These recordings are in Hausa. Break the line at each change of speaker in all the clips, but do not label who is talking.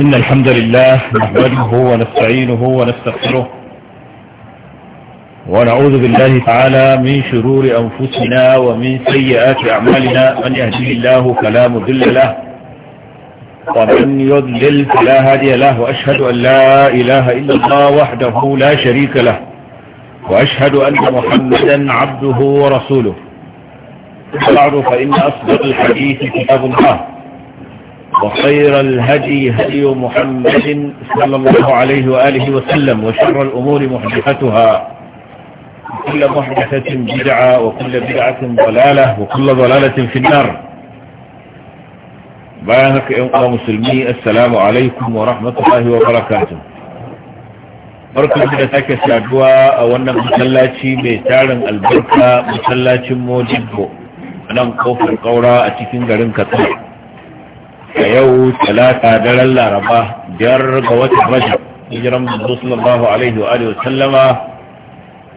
إن الحمد لله نحمده ونستعينه ونستغفره ونعوذ بالله تعالى من شرور أنفسنا ومن سيئات أعمالنا من يهدي الله فلا مضل له ومن يضلل فلا هادي له وأشهد أن لا إله إلا الله وحده لا شريك له وأشهد أن محمدا عبده ورسوله بعد فإن أصدق الحديث كتاب الله وخير الهدي هدي محمد صلى الله عليه وآله وسلم وشر الأمور محدثتها كل محدثة بدعة وكل بدعة ضلالة وكل ضلالة في النار بيانك إنقى مسلمي السلام عليكم ورحمة الله وبركاته barkan da take saduwa a wannan masallaci mai tarin albarka masallacin mojibbo nan kofar kaura a cikin garin katsina a yau talata daren laraba biyar ga watan rajab hijiran manzo sallallahu alaihi wa alihi sallama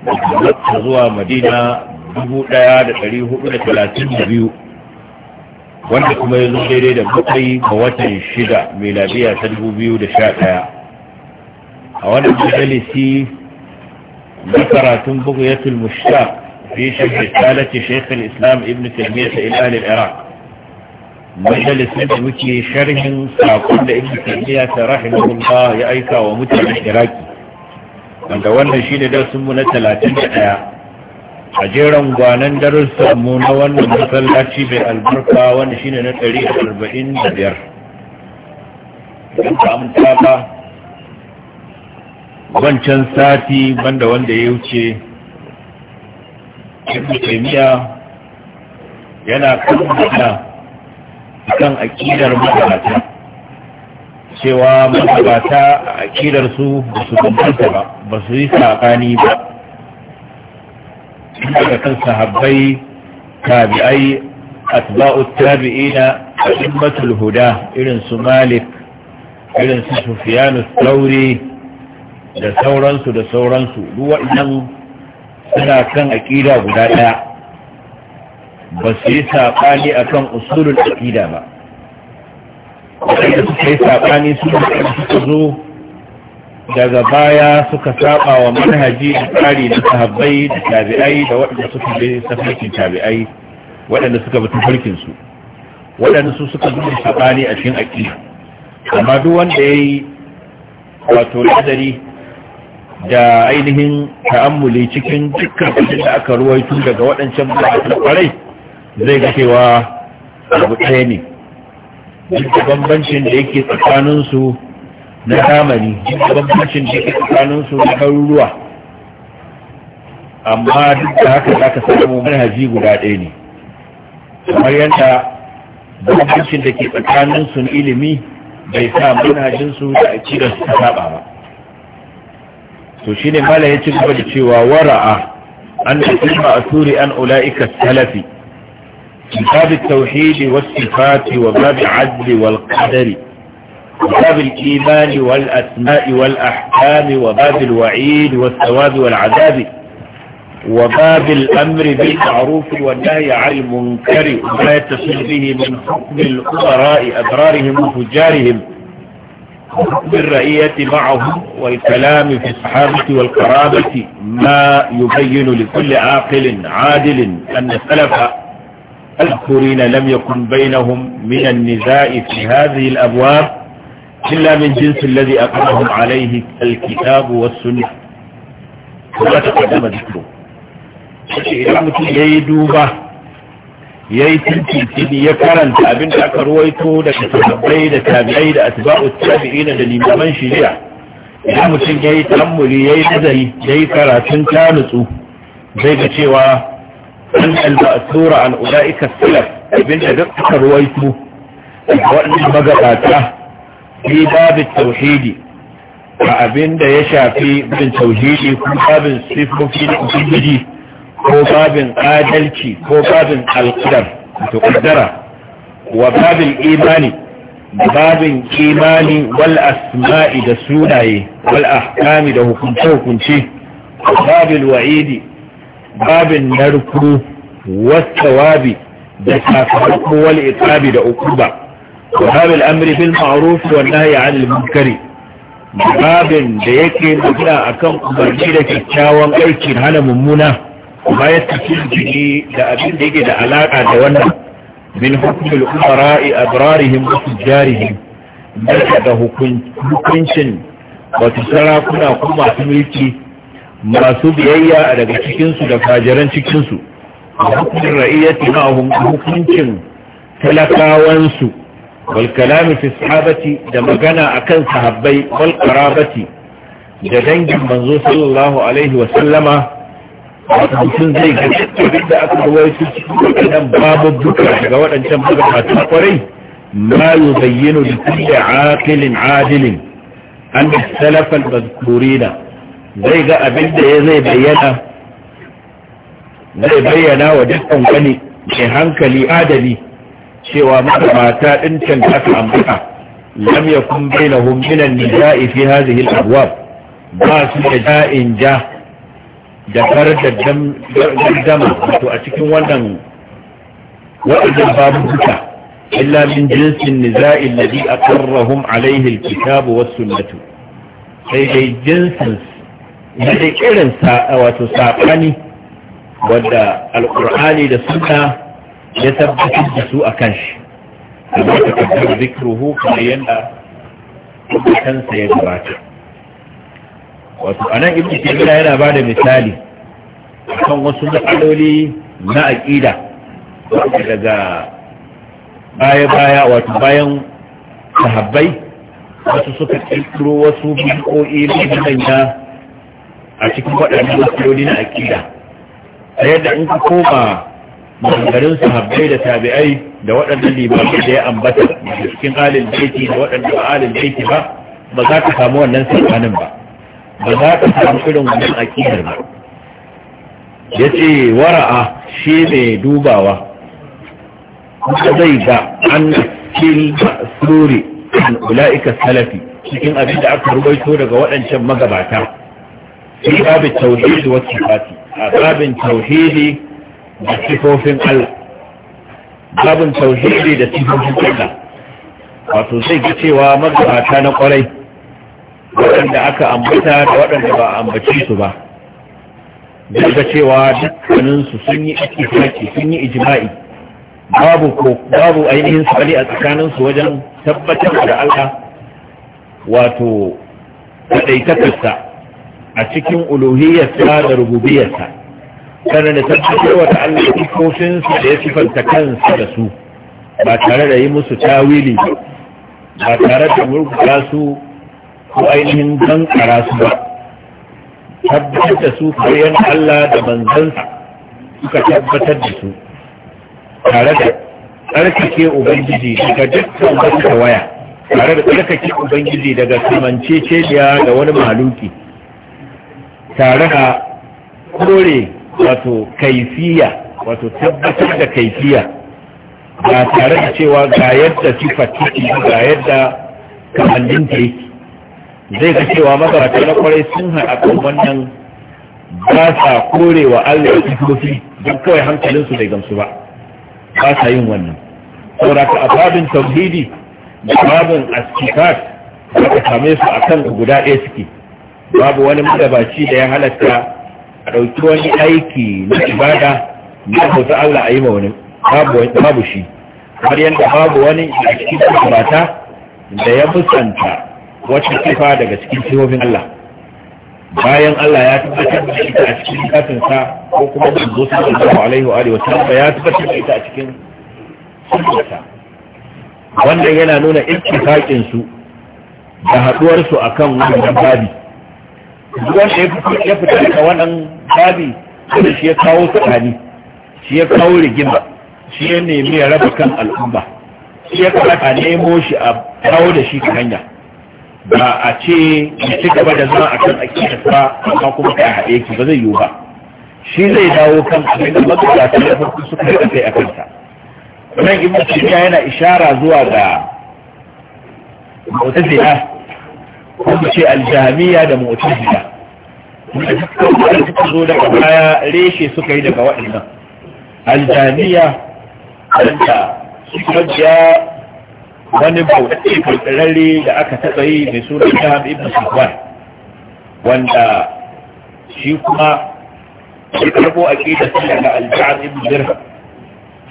da makka
zuwa madina dubu ɗaya da dari hudu da talatin da biyu wanda kuma yanzu daidai da bakwai ga watan shida miladiya ta dubu biyu da sha ɗaya a wannan majalisi
na karatun
bugu ya tulmushta fi shafi talati shaikh islam ibn taymiyya ila al-iraq Majalisar da muke sharhin sakon da ibn taymiya ta rahimahullah ya aika wa mutanen iraki wanda wannan shine darasin mu na talatin da ɗaya. a jeran gwanan darussan mu na wannan masallaci mai albarka wanda shi ne na ɗari 145 idan ka amsa ba wancan sati banda wanda ya wuce ibn taymiya yana kan kan aƙidar magabata cewa magabata a aƙidar su ba su bambanta ba ba su yi saɓani ba daga kan sahabbai tabi'ai atba'u na a'immatul huda irin su malik irin su sufiyanus tsauri da sauransu da sauransu duk waɗannan suna kan aƙida guda ɗaya ba su yi saɓani a kan usulun aƙida ba
waɗanda suka yi saɓani
su da suka zo daga baya suka saɓa wa manhaji da tsari na sahabbai da tabi'ai da waɗanda suka bi tafarkin tabi'ai waɗanda suka bi tafarkin su waɗanda su suka da saɓani a cikin aƙida amma duk wanda ya yi wato nazari da ainihin ta'ammuli cikin dukkan abin da aka ruwaito daga waɗancan mutane ƙwarai? zai ga cewa abu ɗaya ne duk bambancin da yake tsakaninsu na zamani duk bambancin da yake tsakaninsu na garuruwa amma duk da haka za ka samu manhaji guda ɗaya ne kamar yadda bambancin da ke tsakaninsu na ilimi bai sa manhajinsu da aiki da su ta saba ba to ne mala ya ci gaba da cewa wara'a an da kuma asuri an ula'ika salafi كتاب باب التوحيد والصفات وباب العدل والقدر وباب الإيمان والأسماء والأحكام وباب الوعيد والثواب والعذاب وباب الأمر بالمعروف والنهي عن المنكر وما يتصل به من حكم الأمراء أبرارهم وفجارهم وحكم الرئية معهم والكلام في الصحابة والقرابة ما يبين لكل عاقل عادل أن السلف المذكورين لم يكن بينهم من النزاء في هذه الأبواب
إلا من جنس
الذي أقرهم عليه الكتاب والسنة
ولا تقدم
ذكره إذن يدوبه yayi tantance ne ya karanta abin da aka ruwaito daga sahabbai da tabi'ai da atba'u tabi'in da limaman shari'a idan mutum yayi tammuli yayi nazari yayi karatun ta nutsu zai ga cewa an المأثور عن أولئك السلف ابن دقة رويته وأن مقاته في باب التوحيد abin da ya shafi bin tauhidi ko babin sifofi da ubangiji ko babin adalci ko babin alƙadar da ƙaddara wa babin imani babin imani wal asma'i da sunaye wal ahkami da hukunce hukunce babin wa'idi babin narku wasawabi da sakamako wal Ikabi da ukuba wa babin amri bil ma'arufi wa nahyi 'anil munkari babin da yake a kan umarni da kyakkyawan aiki hana mummuna kuma ya tafi jini da abin da yake da alaƙa da wannan min a umara'i abrarihim wa tijjarihim daga hukuncin wato sarakuna ko masu mulki masu biyayya daga cikinsu da fajiran cikinsu a hukumin ra'iyyati na hukuncin talakawansu wal fi sahabati da magana a akan sahabbai walkarabati da dangin manzo sallallahu alaihi wa sallama mutum zai ga abin da aka su cikin wadannan babubuka daga waɗancan magabatan kwarai ma yubayyinu li da aqilin adilin an da salafan mazkurina
zai ga abin da ya zai bayyana
zai bayyana wa dukkan wani mai hankali adali cewa mata mata din can aka ambata lam yakun bainahum min an-nisa'i fi hadhihi al ba su da da'in ja da da dama wato a cikin wannan wa'idin babu duka illa min jinsin niza'i alladhi aqarrahum alayhi al-kitab was-sunnah sai dai jinsinsu. da dai irin wato saɓani wadda alƙur'ani da suna ya tabbatar da su a kan shi kamar ta kabbar zikruhu kamar yadda kansa ya gabata wato a anan ibn tabiya yana ba da misali kan wasu matsaloli na aƙida daga baya-baya wato bayan sahabbai wasu suka ƙirƙiro wasu bukoki na manya a cikin waɗannan matsaloli na aƙida ta yadda in ka koma maganganun sahabbai da tabi'ai da waɗannan limamai da ya ambata da cikin alin da waɗannan ba alin ba ba za ka samu wannan sakanin ba ba za ka samu irin wannan aƙidar ba ya ce wara'a shi mai dubawa kuma zai ga an cikin suri an ula'ika salafi cikin abin da aka rubaito daga waɗancan magabata في باب التوحيد والصفات باب التوحيد والصفوف الله باب التوحيد والصفوف الله wato zai ga cewa magabata na kwarai waɗanda aka ambata da waɗanda ba a ambaci su ba zai ga cewa dukkaninsu sun yi ikifaki sun yi ijima'i babu ko babu ainihin sali a tsakaninsu wajen tabbatar da Allah wato
kaɗaitakarsa
a cikin uluhiyarsa da rububiyarsa kana da tabbatar wa kofin sifofinsa da ya sifanta kansa da su
ba tare da yi musu tawili
ba tare da murkuta su ko ainihin gankara su ba
tabbatar da su koyon Allah da
sa suka tabbatar da su tare da tsarkake ubangiji daga dukkan wata waya tare da tsarkake ubangiji daga ce da wani maluki tare da kore wato kaifiya wato tabbatar da kaifiya ba tare da cewa ga yadda sifa ciki ga yadda kamannin ta yake zai ga cewa magabata na kwarai sun haɗa kan wannan ba sa kore wa Allah sifofi don kawai hankalinsu bai gamsu ba ba sa yin wannan sauraka ka ababin tauhidi da babin askifat da ka same su a kan guda ɗaya suke babu wani magabaci da ya halatta a ɗauki wani aiki na ibada na bauta Allah a yi ma babu shi har yadda babu wani a cikin bata da ya musanta wata kifa daga cikin sifofin Allah bayan Allah ya tabbatar da ita a cikin katinsa ko kuma da zuwa alaihi wa alihi wasallam ya tabbatar da ita a cikin sunnarsa wannan yana nuna ittifaqin haƙinsu da haɗuwarsu a kan wani babi da ya fita daga wannan babi wanda shi ya kawo tsakani shi ya kawo rigima shi ya nemi ya raba kan al'umma shi ya kamata nemo shi a kawo da shi ta hanya ba a ce ya ci gaba da zama a kan akidar ba amma kuma ka haɗe ki ba zai yiwu ba shi zai dawo kan abin da mazuwa ta da farko suka yi kai a kanta nan ibn tafiya yana ishara zuwa ga mutazila kuma ce aljamiya da mu'tazila da suka zo daga baya reshe suka yi daga waɗannan aljamiya wanda suka ja wani bautattu kulturarre da aka tatsayi mai suna shahab ibn sufwan wanda shi kuma shi karbo a ƙida su daga aljihar ibn dirham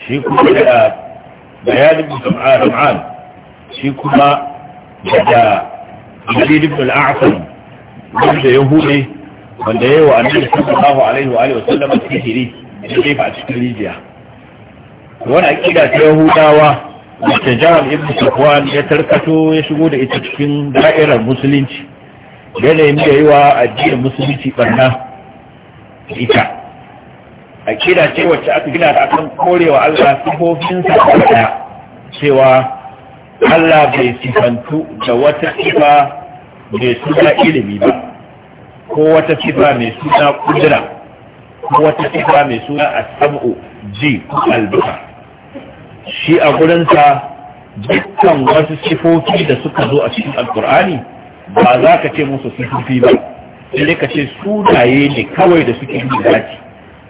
shi kuma daga bayanin musamman shi kuma da. Yazid ibn al-A'sam wanda ya hude wanda ya yi wa annabi sallallahu alaihi wa alihi wasallam sihiri da jefa a cikin rijiya wani akida ta Yahudawa da Jamal ibn Safwan ya tarkato ya shigo da ita cikin da'irar musulunci yanayin da yi wa addinin musulunci barna ita akida ce wacce aka gina da akan korewa Allah sifofinsa da daya cewa Allah bai sifantu da wata sifa mai suna ilimi ba ko wata sifa mai suna kudura ko wata sifa mai suna asabu ji albuka shi a gurinsa dukkan wasu sifofi da suka zo a cikin alkur'ani ba za ka ce musu sifofi ba sai ka ce sunaye ne kawai da suke yi zaci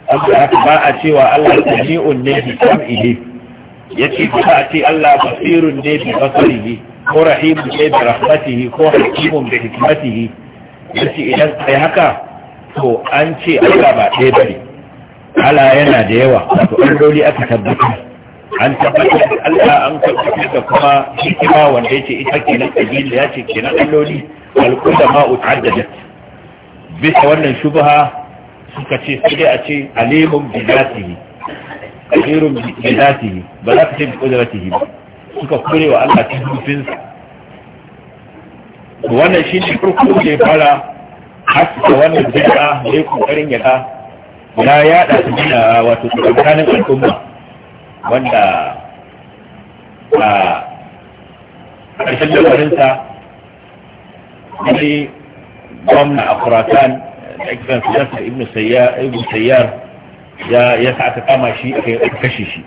abu da ba a cewa Allah sami'un ne bi sam'ihi yace ba a ce Allah basirun ne bi basarihi ko rahimun ne bi rahmatihi ko hakimun bi hikmatihi yace idan kai haka to an ce Allah ba ɗaya bane Allah yana da yawa wato an aka tabbata an tabbatar da Allah an tabbata da kuma hikima wanda ce ita kenan kabila yace kenan alloli alkulla ma'u ta'addadat bisa wannan shubaha suka ce sai dai a ce alimun bi zatihi kafirun bi zatihi ba za ka ce bi qudratihi ba suka kure wa Allah ta dubin wannan shi ne farko da ya fara haska wannan bid'a da ya kokarin ya ka ya yada su bid'a wato tsakanin al'umma wanda a ƙarshen lamarinsa wani gwamna a kuratan da ake kan siyasar ibn sayyar ya sa aka kama shi aka kashe shi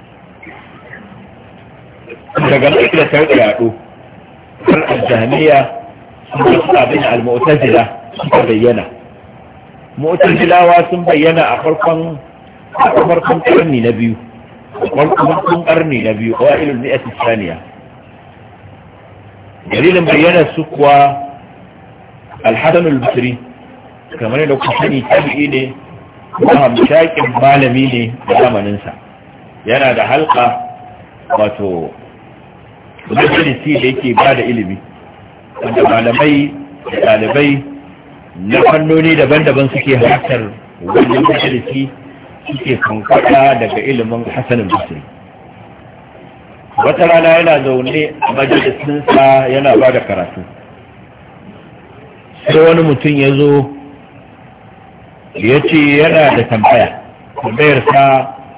daga nan da ta rika yaɗo har aljahmiya sun kasu abin al-mu'tazila suka bayyana mu'tazilawa sun bayyana a farkon
a farkon karni
na biyu farkon karni na biyu wa ilul ni'at thaniya dalilin bayyana su kuwa al-hasan al-basri kamar yadda kuka sani tabi'i ne hamshakin malami ne da zamaninsa yana da halka wato majalisi da yake ba da ilimi wanda malamai da ɗalibai na fannoni daban-daban suke halartar wannan majalisi suke kankada daga ilimin hasanin basiri wata rana yana zaune a majalisinsa yana ba da karatu sai wani mutum ya zo ya ce yana da tambaya tambayarsa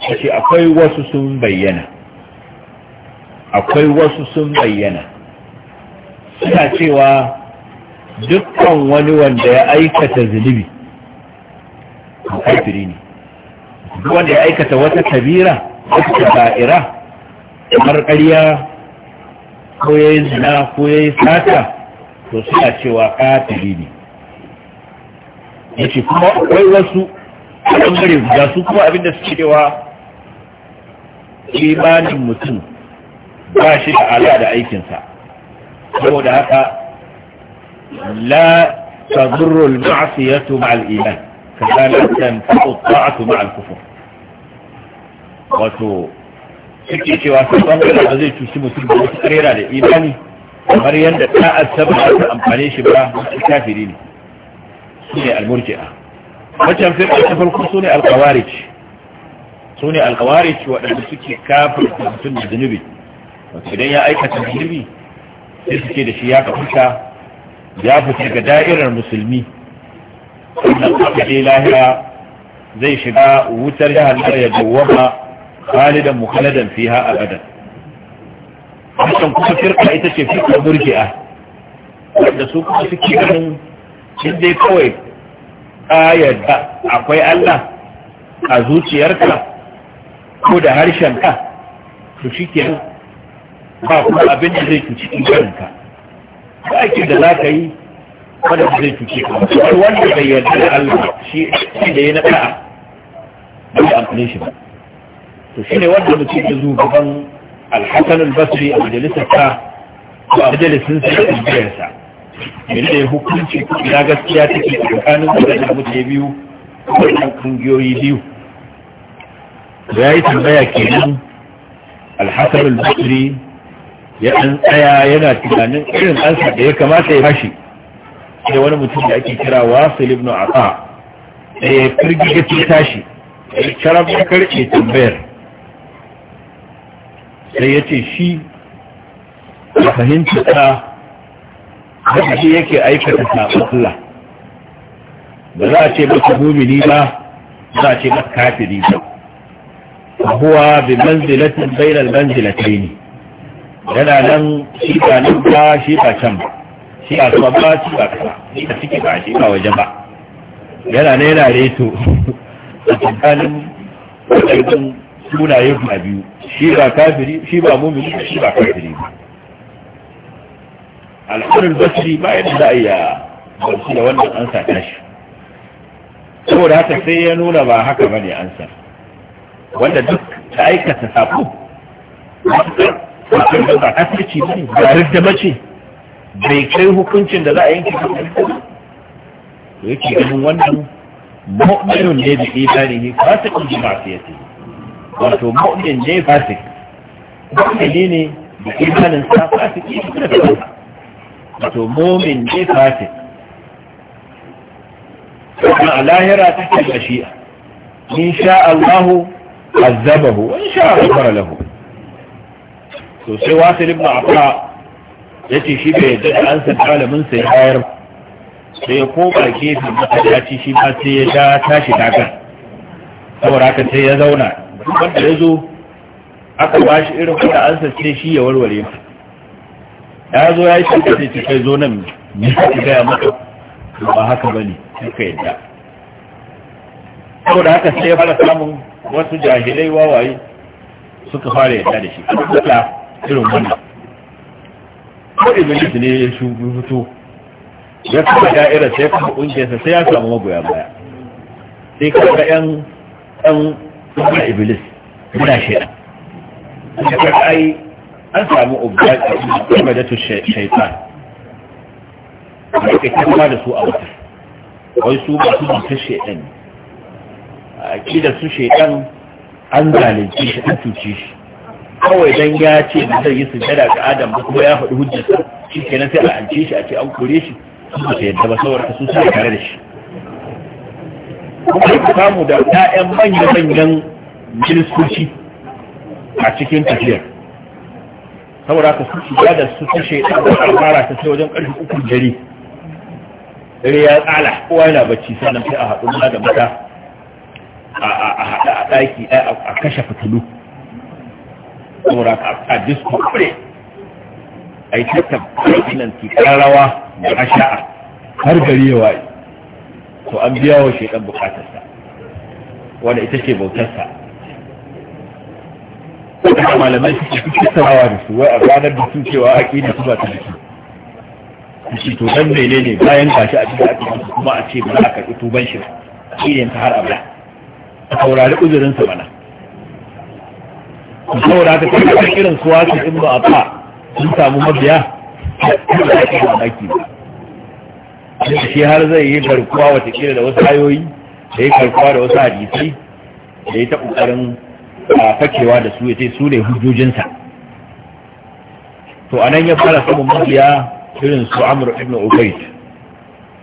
ya ce akwai wasu sun bayyana akwai wasu sun bayyana suna cewa dukkan wani wanda ya aikata zunubi kafiri ne duk wanda ya aikata wata kabira wata ba'ira kamar ƙarya ko ya yi zina ko ya yi sata to suna cewa kafiri ne yace kuma akwai wasu
ɓangare guda su
kuma abinda suke cewa imanin mutum ba shi da ala da aikinsa saboda haka la tadurru al-ma'siyatu ma'al iman kaza la tanfa'u ta'atu ma'al kufur wato suke cewa sai bangare ba zai cuci mutum da wasu karera da imani
kamar yadda ta'ar ta ba ta amfane shi ba
wasu kafiri ne su ne almurji'a waccan firka ta farko su ne alkawarij su ne alkawarij waɗanda suke kafin mutum da zunubi wato idan ya aikata zunubi sai suke da shi ya kafuta ya fita ga da'irar musulmi sannan aka je lahira zai shiga wutar jihar ya dawwama khalidan mukhaladan fiha abadan hakan kuma firka ita ce firka murji'a wanda su kuma suke ganin shi dai kawai ƙayata akwai Allah a zuciyarka ko da harshenka to shi ke ba kuma abin da zai cuci ɗinkarinka ba ake da za ka yi wadda zai cuci kamar wanda bai yarda da Allah shi da ya na ɗa'a ba da amfani shi ba to shi ne wanda mutum ya zo gaban alhassan albasri a majalisarsa ko a majalisinsa da ɗinkarinsa yadda ya hukunci ya gaskiya take tsakanin waɗannan ya biyu waɗannan ƙungiyoyi biyu ya yi tambaya kenan alhassan al-basri ya ɗan tsaya yana tunanin irin ansa da ya kamata ya bashi sai wani mutum da ake kira wasil ibn ata da ya firgiga ce tashi ya ya karɓe tambayar sai ya ce shi a fahimta da shi yake aikata sabon Allah ba za a ce masa mumini ba za a ce masa kafiri ba huwa bi manzilatin bainal manzilatayn yana nan shi ba nan ba shi ba can ba shi a kuma ba shi ba kasa shi a ciki ba shi ba waje ba yana ne yana reto a tsakanin wadannan sunaye ba biyu shi ba kafiri shi ba mumini shi ba kafiri ba al'adar basiri ba yadda za a iya barci da wannan ansa ta shi saboda haka sai ya nuna ba haka ba ne ansa wanda duk ta aikata sabo wakil da ba asirci ba ne ba da mace bai kai hukuncin da za a yanke ba da yake ganin wannan mu'minun ne da imanihi fasikin bi ma'siyati wato mu'min ne fasik mu'mini ne da imanin sa fasiki ne da kansa wato mumin ne fasik kuma a lahira take mashi'a in sha Allahu azabahu wa in sha ghafara lahu to sai wasil ibn afa yace shi bai yadda da an san malamin sai hayar sai ya koma gefe masallaci shi ba sai ya sha tashi daga. saboda haka sai ya zauna wanda ya zo aka ba shi irin kuma an sace shi ya warware ba. ya zo ya yi shakka ce kai zo nan ne ka gaya maka ba haka ba ne suka yadda saboda haka sai ya fara samun wasu jahilai wawaye suka fara yadda da shi suka irin wannan ko iblis ne ya fito ya kuma da'ira sai kuma kungiyarsa sai ya samu magoya baya sai ka ga yan yan iblis muna shaidan suka kai an samu ubadatu shaitan
da ke kama
da su a wata wai su ba su ta shaitan a ki da su shaitan an zalunci shi an cuce shi kawai don ya ce da zai yi su sujada ga adam ba kuma ya faɗi hujjarsa shi kenan sai a ance shi a ce an kore shi su ba su yadda ba saboda su suna tare da shi kuma ku samu da 'ya'yan manya-manyan jinsoci a cikin tafiyar saboda ka su shiga da su kashe shaidan fara ta sai wajen karfi uku dare dare ya tsala kowa yana bacci sannan sai a haɗu na da mata a haɗa a ɗaki a kashe fitilu saboda ka a disko kure a yi tattab nan rawa da asha'a har gari ya waye to an biya wa shaidan bukatarsa wanda ita ce bautarsa da malamai suke tattarawa da su wai a ranar da su cewa aƙida su ba ta da shi to dan mene ne bayan ba shi a cikin aƙida kuma a ce ba a karɓi tuban shi ne ta har abada a saurari uzurin sa mana ku saura ka tafi kan irin su wasu in ba a fa sun samu mabiya ba za a ce ba maki ba shi har zai yi garkuwa watakila da wasu ayoyi da ya karkuwa da wasu hadisai da ya ta ƙoƙarin fakewa da su ya ce su ne hujjojinsa to anan ya fara samun mabiya irin su amur ibn ubaid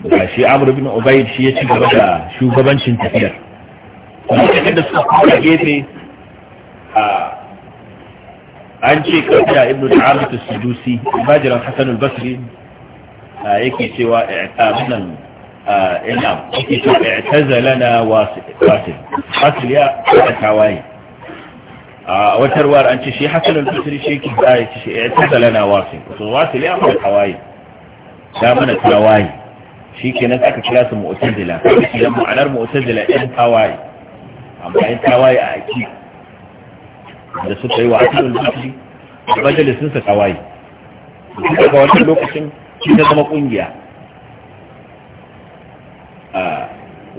ga shi amur ibn ubaid shi ya ci gaba da shugabancin tafiyar kuma da suka kuma gefe a an ce kafiya ibn ta'amatu sudusi bajiran hasan al-basri yake cewa abinan ina yake cewa i'tazalana wasil wasil ya ta tawaye a wata ruwar an ce shi hasan al-basri shi yake da ya ce ya tsada lana wasil Wasu ne ya fara hawaye da mana tawaye shikenan aka kira su mu'tazila idan ma'anar mu'tazila ɗin tawaye amma ɗin tawaye a aiki. da suka yi wa hasan al-basri da majalisin sa tawaye daga wannan lokacin shi ta zama kungiya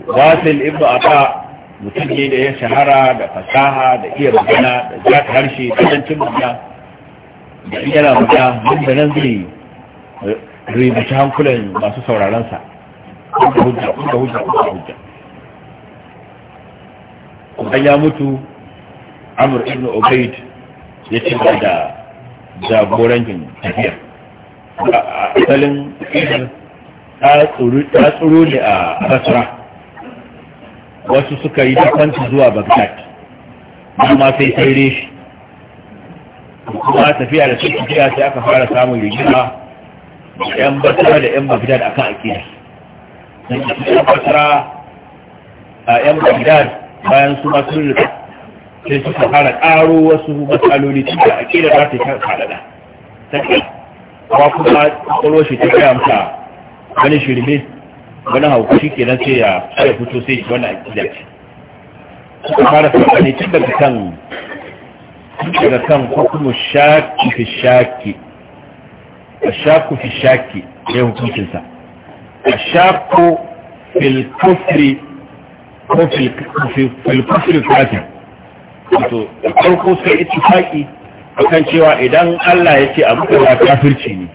wasil ibnu ata mutum ne da ya shahara da fasaha da iya magana da zata harshe da zancin magana da yana magana duk da nan zai rubuta hankulan masu sauraronsa kuma hujja kuma hujja kuma hujja kuma ya mutu amur ibn ubaid ya ce da jagorancin tafiya a asalin ta tsuru ne a basra wasu suka yi dukanci zuwa bagdad amma sai sai reshi kuma tafiya da suke jiya sai aka fara samun rigima yan basra da yan bagdad a kan akida yan basra a yan bagdad bayan su masu rika sai suka fara karo wasu matsaloli cikin akida za ta yi faɗaɗa ta kuma kuma kwallo shi ta gaya masa wani shirme wani hauka shi kenan sai ya kare fito sai shi wani akida ce suka fara sabani tun daga kan daga kan kwakwamu shaki fi shaki shaku fi shaki ya yi hukuncinsa a shaku kufri ko fil kufri wato wato farko sai ita a kan cewa idan Allah ya ce abu kaza kafirci ne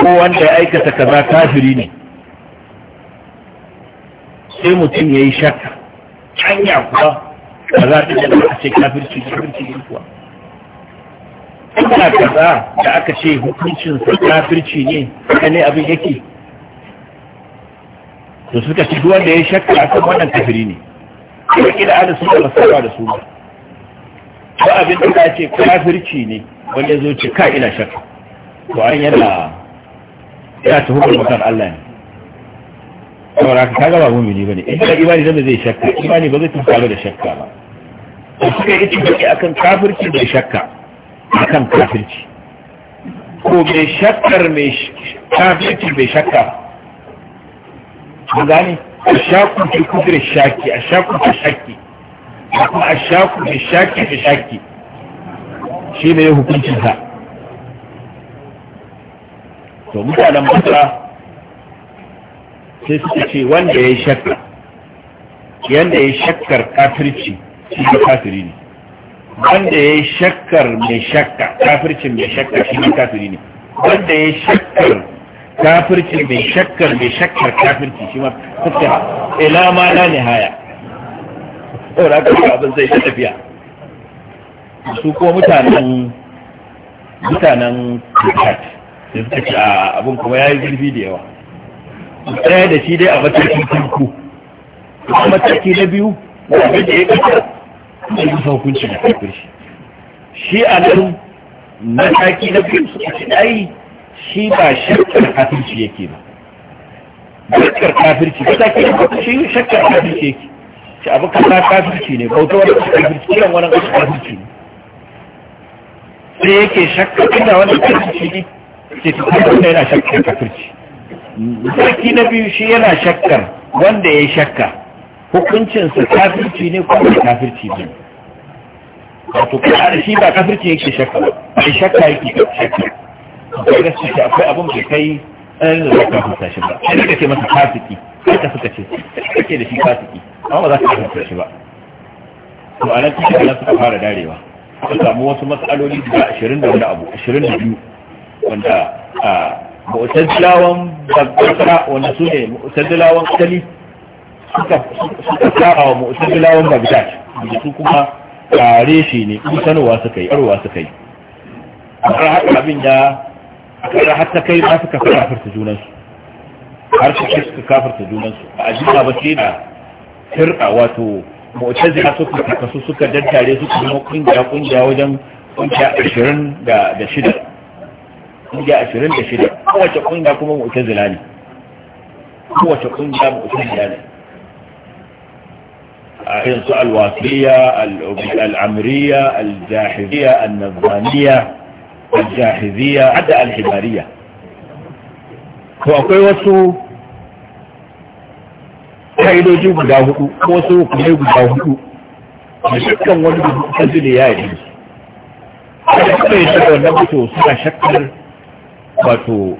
ko wanda ya aikata kaza kafiri ne sai mutum ya yi shakka canya kuwa ba za ta jana a ce kafirci kafirci ne kuwa kuma kaza da aka ce hukuncin sa kafirci ne haka ne abin yake to suka ci duk wanda ya shakka akan wannan kafiri ne kuma kila ala su da masaba da su ba abin da ya ce kafirci ne wanda zo ce ka ina shakka to an yana
ya ta hukun mutan
Allah ne kawai haka kaga ba ne, bane in da imani zama zai shakka imani ba zai tunkalo da shakka ba to suka yi tuntuɓe akan kafirci mai shakka akan kafirci ko mai shakkar mai kafirci mai shakka ba gani a shakun fi kudur shaki a shakun fi shaki a kuma a shakun fi shaki fi shaki shi ne hukuncinsa to mutanen basra sai suka ce wanda ya shakka yanda ya shakkar kafirci shi ne kafiri ne wanda ya shakkar mai shakka kafircin mai shakka shi ne kafiri ne wanda ya shakkar kafircin mai shakkar mai shakkar kafirci shi ma suka ila ma na nihaya saboda haka abin zai ta tafiya su ko mutanen mutanen sai suka ce a abin kuma ya yi zurfi da yawa tsaya da shi dai a matakin tuku kuma mataki na biyu
abin da ya kasa
kuma yi hukunci da kafir shi shi a nan mataki na biyu suka ce ai shi ba shakkar kafirci yake ba shakkar kafirci mataki na farko shi shakkar kafirci yake shi abu kasa kafirci ne bauta wani kafirci kiran wani kafirci ne sai yake shakkar ina wani kafirci ne ce su kuma yana shakkar kafirci sarki na biyu shi yana shakkar wanda ya shakka hukuncinsa kafirci ne kuma kafirci ne wato kuma shi ba kafirci yake shakka ba shakka yake shakka akwai gaske shi akwai abin da kai ɗan da zaka hukunta shi ba sai ka ce masa fasiki ka suka ce kake da shi fasiki amma ba za ka hukunta shi ba to a nan cikin nan suka fara darewa suka samu wasu matsaloli da ashirin da wani abu ashirin da biyu wanda a mu'tazilawan babbara wanda su ne mu'tazilawan asali suka suka tsara wa mu'tazilawan bagdad da su kuma tare shi ne kusanwa suka yi arwa suka yi har haka abin da har har ta kai ma suka kafarta junansu har ta kai suka kafarta junansu a ajiyar ba sai da firka wato mu'tazila suka kasu suka daddare suka zama kungiya kungiya wajen kungiya ashirin da shida kungiya 26 kowace kungiya kuma mu'tazila ne kowace kungiya mu'tazila ne irin su alwasiya al'amriya aljahiliya annazaniya aljahiliya hadda alhibariya to akwai wasu ka'idoji guda hudu ko wasu hukumai guda hudu da shakkan wani da ya yi da kuma yi shakka wannan mutu suna shakkar wato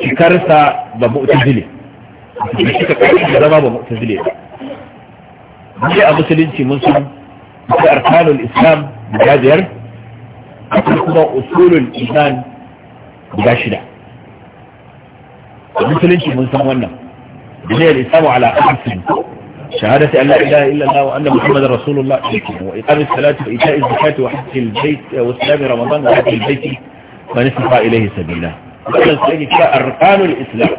cikarsa ba mu'tazili
da shi ka da
zama ba mu'tazili
ba
ne a musulunci mun san da arkanul islam guda biyar akwai kuma usulul iman guda shida a musulunci mun san wannan dinayar islam ala arsin شهادة أن لا إله إلا الله وأن محمد رسول الله وإقام الصلاة وإيتاء الزكاة وحج البيت وصيام رمضان وحج البيت فنسفى إليه سبيلا وقال سيدي أركان الإسلام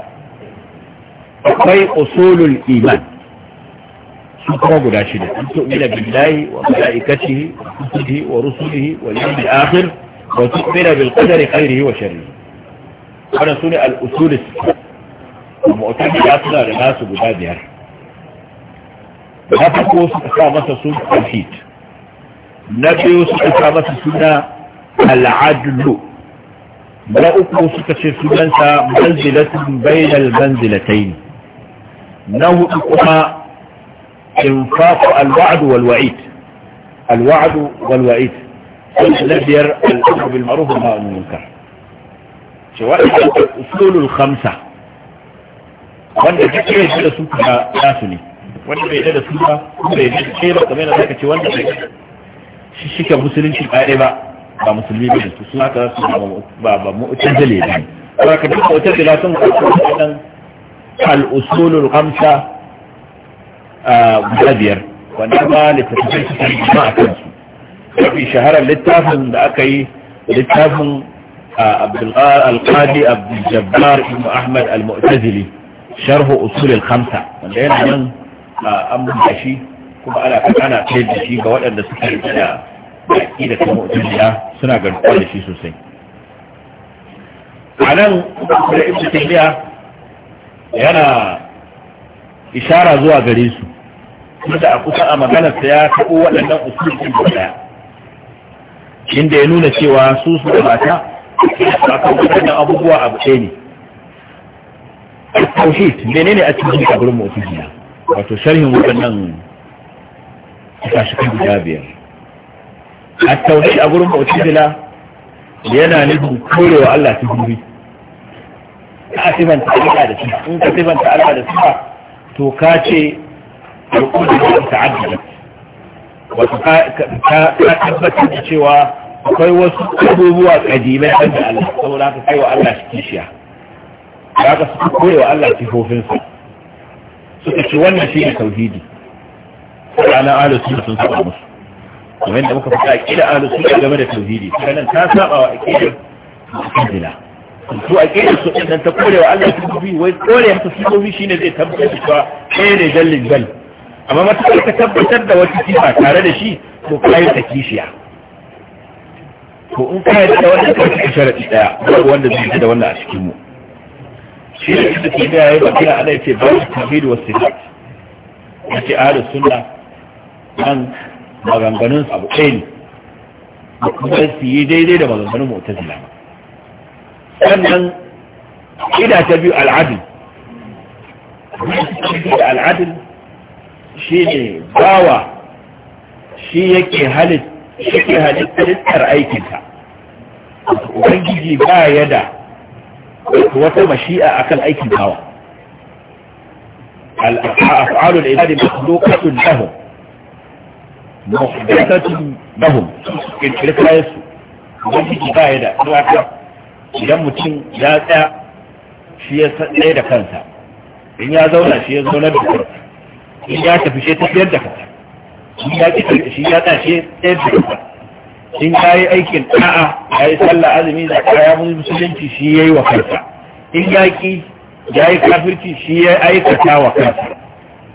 أقوي أصول الإيمان سكرة قداشدة أن تؤمن بالله وملائكته وكتبه ورسله واليوم الآخر وتؤمن بالقدر خيره وشره وأنا سنة الأصول السكرة ومؤتمد أصلا لناس قدادها na farko suka sa masa suna tauhid na biyu suka sa masa suna al'adlu na uku suka ce sunansa manzilatun bainal manzilatayn na hudu kuma infaqu alwa'd wal wa'id alwa'd wal wa'id
Sun na biyar
al'amru bil ma'ruf wa nahyi munkar ce wa'id usulul khamsa wanda kake da su ka tasu ne wanda bai da su ba bai da kai ba kamar yadda zaka ce wanda bai shi shi ka musulunci ba ba ba musulmi ba ne su haka su ba ba mu'tazile ba ne ba ka duk mu'tazila sun kasu dan al-usulul khamsa guda biyar wanda ba littattafai su kan jima a kansu mafi shaharar littafin da aka yi littafin al-qadi abdul-jabbar ibn ahmad al-mu'tazili sharhu usulul khamsa wanda yana nan an buga shi kuma ana ana kai da shi ga waɗanda suka yi da aƙida ta mu'tazila suna garkuwa da shi sosai a nan da ibnu taymiya yana ishara zuwa gare su kuma a kusa a maganarsa ya taɓo waɗannan usulun da ɗaya inda ya nuna cewa su su da mata ba kan waɗannan abubuwa abu ɗaya ne tauhid ne a cikin a gurin mutum wato sharhin waɗannan kasashe kan guda biyar a tauhid a gurin mu'tazila yana nufin korewa Allah ta guri ka sifanta Allah da sifa in ka sifanta Allah da sifa to ka ce alƙudu da ta'addada wato ka tabbatar da cewa akwai wasu abubuwa kadimai kan da Allah saboda ka kai wa Allah shi kishiya za ka suka koyewa Allah sifofinsa suka ce wannan shi ne tauhidi ranar alusun sun saba musu kamar da muka fita aƙida ahlu sunna game da tauhidi nan ta saba wa aƙidar mu'tazila to aƙidar su din nan ta korewa Allah sifofi wai kore masa sifofi shine zai tabbatar da cewa ɗaya ne jallin jal amma matuƙar ka tabbatar da wata sifa tare da shi to kai ta kishiya Ko in ka yarda da wannan ka cika sharadi daya babu wanda zai yarda da wannan a cikin mu shi ne da ke da yayi bakira Allah ya ce ba tauhid wa sifat yace ahlus sunna an maganganun abu ɗaya ne kuma su yi daidai da maganganun mu'tazila sannan ida ta biyu al'adil al'adun shi ne bawa shi yake halittar aikinka. ubangiji ba ya da wata mashi'a akan aikin bawa da al'afalul ibadi makhluqatun lahum muhdathatin lahum kirkire kayan su ubangiji ba ya da alwaka idan mutum ya tsaya shi ya tsaye da kansa in ya zauna shi ya zauna da kansa in ya tafi shi tafiyar da kansa in ya ki shi ya tsaya shi tsaye da kansa in ya yi aikin da'a ya yi sallah azumi da kaya mun musulunci shi ya yi wa kansa in ya ƙi ya yi kafirci shi ya aikata wa kansa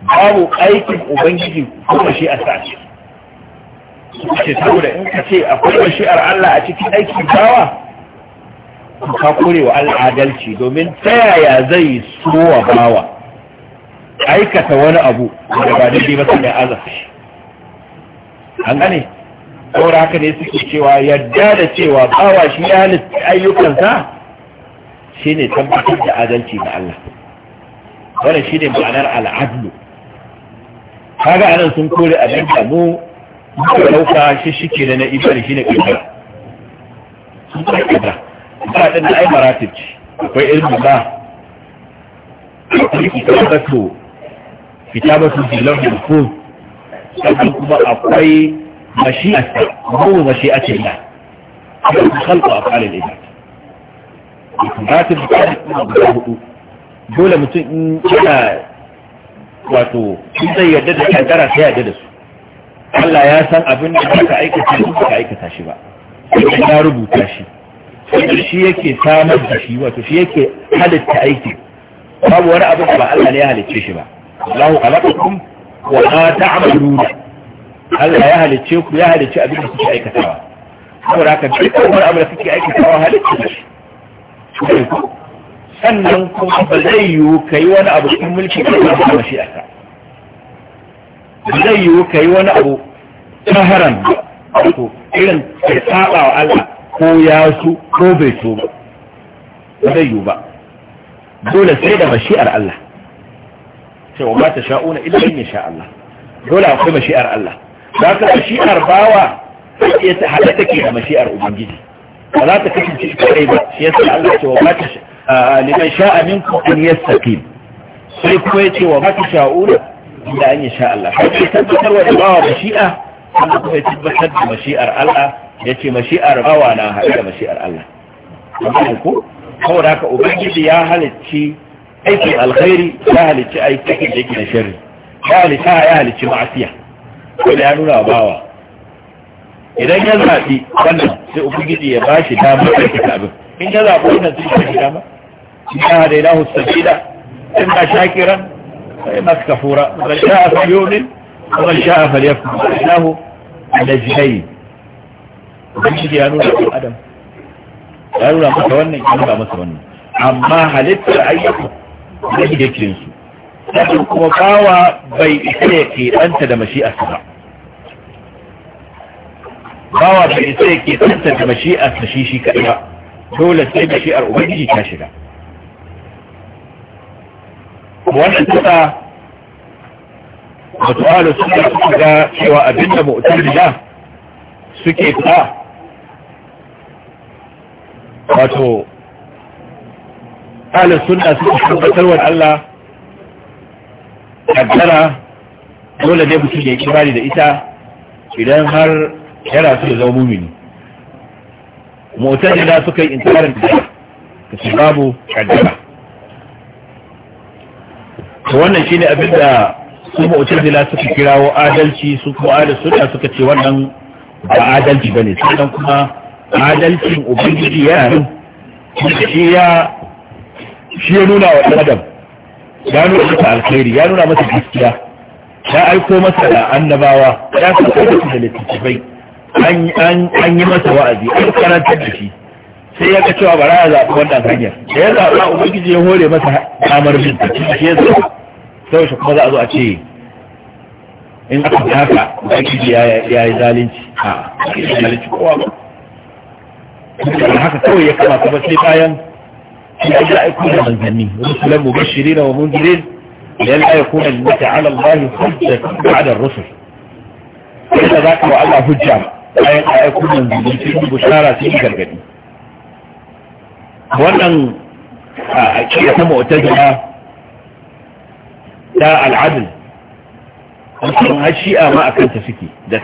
babu aikin ubangiji kuma shi a sa sashi ce saboda in ka ce akwai bashi'ar Allah a cikin aikin bawa ka kore wa al'adalci domin ta yaya zai so wa bawa aikata wani abu da ba daidai ba sai azafa shi an gane saboda haka ne suke cewa yadda da cewa bawa shi ya halitta ayyukansa shine tabbatar da adalci ga Allah wannan shine ma'anar al'adlu kaga anan sun kore abin da mu suka ɗauka shi shike ne na imani shine ƙaddara sun kai ƙaddara ba ɗin da ai maratib akwai ilmi ba su kitabatu kitabatu jilan hukum sannan kuma akwai mashi'ata mu mashi'ata ya akwai khalqa af'al al-ibad maratib da kuma guda hudu dole mutum in yana wato sun zai yarda da kaddara sai yarda da su Allah ya san abin da aka aikata shi ba aikata shi ba
sai ya rubuta
shi sai shi yake samar da shi wato shi yake halitta aiki babu wani abu ba Allah ne ya halicce shi ba Allahu khalaqakum wa ma ta'malun Allah ya halicce ku ya halicce abin da kuke aikatawa saboda haka duk wani abu da kuke aikatawa halicce shi sannan kuma ba zai yi kai wani abu cikin mulki ba ba mashi'arka ba zai yiwu ka yi wani abu ta haram ko irin ka saba wa Allah ko ya su ko bai so ba ba zai yiwu ba dole sai da mashi'ar Allah sai wa ta sha'una illa in sha Allah dole akwai mashi'ar Allah za ka mashi'ar bawa ya ta hada take da mashi'ar ubangiji ba za ta kasance kai ba shi yasa Allah ce wa ba ta liman sha'a minkum an yastaqim sai kuma yace wa ba sha'una illa an sha Allah sai tabbatar wa bawa mashi'a sannan kuma ya tabbatar da mashi'ar Allah ya ce mashi'ar bawa na haɗe da mashi'ar Allah amma ko saboda haka ubangiji ya halicci aikin alkhairi ya halicci aikin da yake na sharri ya halicci ya halicci ma'asiya wanda ya nuna bawa idan ya zaɓi wannan sai ubangiji ya ba shi dama, damar aikata abin in ya zaɓi wannan sai shi dama in ya hada ila hussabila in ba shakiran فإما كفورا ومن شاء فليؤمن ومن فليكفر وإنه نجدين ubangiji ya nuna ɗan adam ya nuna masa wannan ya nuna masa wannan amma halittar ayyuka na hidakin su kuma bawa bai isa ya keɗanta da mashi'arsa ba bawa bai isa ya da kaɗai ba dole sai mashi'ar ubangiji ta shiga wannan kusa
wato ahalu suna suka ga cewa abinda mu'tazila
suke ta wato ahalu suna suka tabbatar wa Allah kaddara dole ne mutum ya yi kirari da ita idan har yara su ya zama mumini mu'tazila suka yi intarin da ta babu kaddara wannan shi ne abin da su mu'tazila suka kirawo adalci su kuma ahlus sunna suka ce wannan ba adalci bane sannan kuma adalcin ubangiji ya nan shi ya shi ya nuna wa ɗan adam ya nuna masa alkhairi ya nuna masa gaskiya ya aiko masa da annabawa ya saka da littattafai an yi masa wa'azi an karantar da shi sai ya ga cewa bara ya zaɓi wannan hanyar da ya a ubangiji ya hore masa kamar da shi ya yanzu. sai shi kuma za a zo a ce in aka haka ubangiji ya yi zalunci a zalunci kowa ba kuma haka kawai ya kama ba sai bayan ya ji aiko da manzanni rusulan mubashirina wa munzirin da ya aiko da mata ala Allah hujja ba'da rusul sai da za ka wa Allah hujja bayan aiko manzanni sai bushara sai gargadi wannan a kiyar ta mu'tazila ta al'adun. wasu har shi'a ma a kanta suke da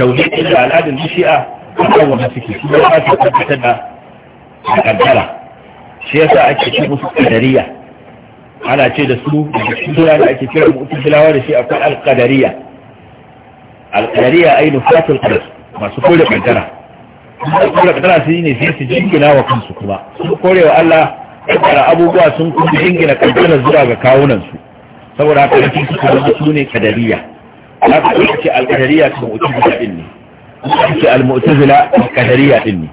tauhidi da al'adun da shi'a a kan wani suke su ba ta tabbatar da kaddara shi yasa ake ce musu kadariya ana ce da su da shi da ake kira mutum filawa da shi akwai alkadariya alkadariya ai nufatul qadar masu kore kaddara da kura kadara su yi ne sai su jingina wa kansu kuma sun korewa Allah da abubuwa sun kuma jingina kaddara zuwa ga kawunan su. saboda haka yake suka zama su ne kadariya za ka iya ce alkadariya ta mu'tazila din ne za ce al-mu'tazila kadariya din ne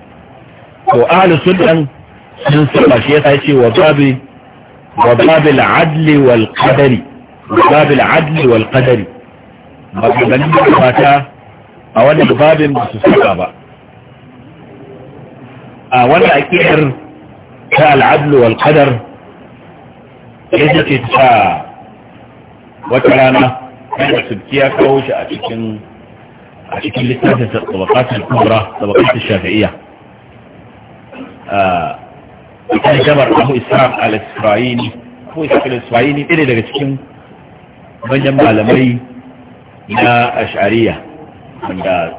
to sun sunnah sun saba shi yasa yace wa babi wa babil adli wal qadari wa babil adli wal qadari maganganun mata a wannan babin ba su saba ba آه، ولا كير شاء العدل والقدر إذا تتشاء وكلانا كان سبكيا كوش أشكين أشكين لثلاثة طبقات الكبرى طبقات الشافعية كان آه، جمر أبو إسراق على إسرائيل أبو إسراق على إسرائيل إذا تتشكين من جمع لمي يا أشعرية عند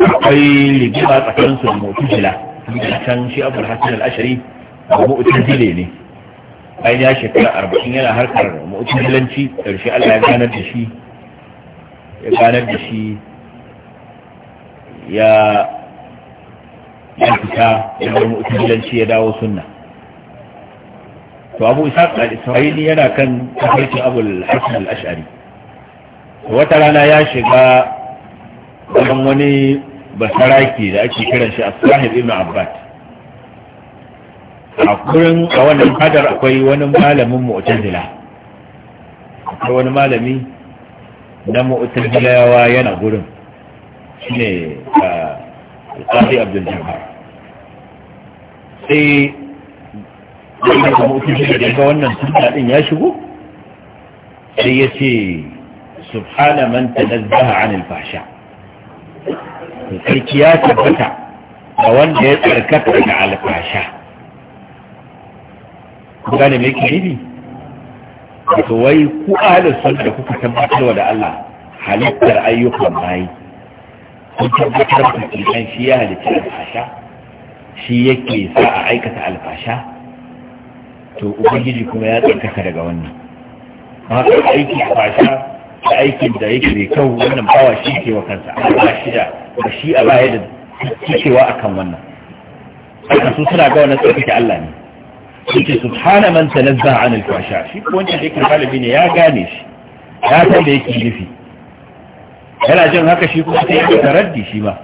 أقيل بيبات أكلنسوا الموتجلة can shi abu hasan al-ashari ba mu'tazile ne bayan ya shekara arba'in yana harkar mu'tazilanci karshe Allah ya ganar da shi ya ganar da shi ya ya fita ya bar mu'tazilanci ya dawo sunna to abu ishaq al-isra'ili yana kan tafarkin abu hasan al-ashari wata rana ya shiga wajen wani basaraki da ake kiran shi as-sahib ibn abbas a kurin a wannan hadar akwai wani malamin mu'tazila akwai wani malami na yana gurin shine al-qadi abdul jabbar sai da mu'tazila da ga wannan sunna din ya shigo sai ce subhana man tanazzaha 'anil fahsha' sarki ya tabbata da wanda ya tsarkata da alfasha ku gane me yake nufi wai ku ahalar sun da kuka tabbatarwa da Allah halittar ayyukan bayi kun tabbatar da kisan shi ya halitta alfasha shi yake sa a aikata alfasha to ubangiji kuma ya tsarkaka daga wannan ka aiki alfasha da aikin da yake mai kyau wannan bawa shi ke wa kansa ba shi da ba shi a baya da cikewa akan wannan akan su suna ga wannan tsarki Allah ne yake subhana man tanazza an al-fahsha shi ko wancan da yake galibi ne ya gane shi ya san da yake nufi yana jin haka shi kuma sai ya taraddi shi ma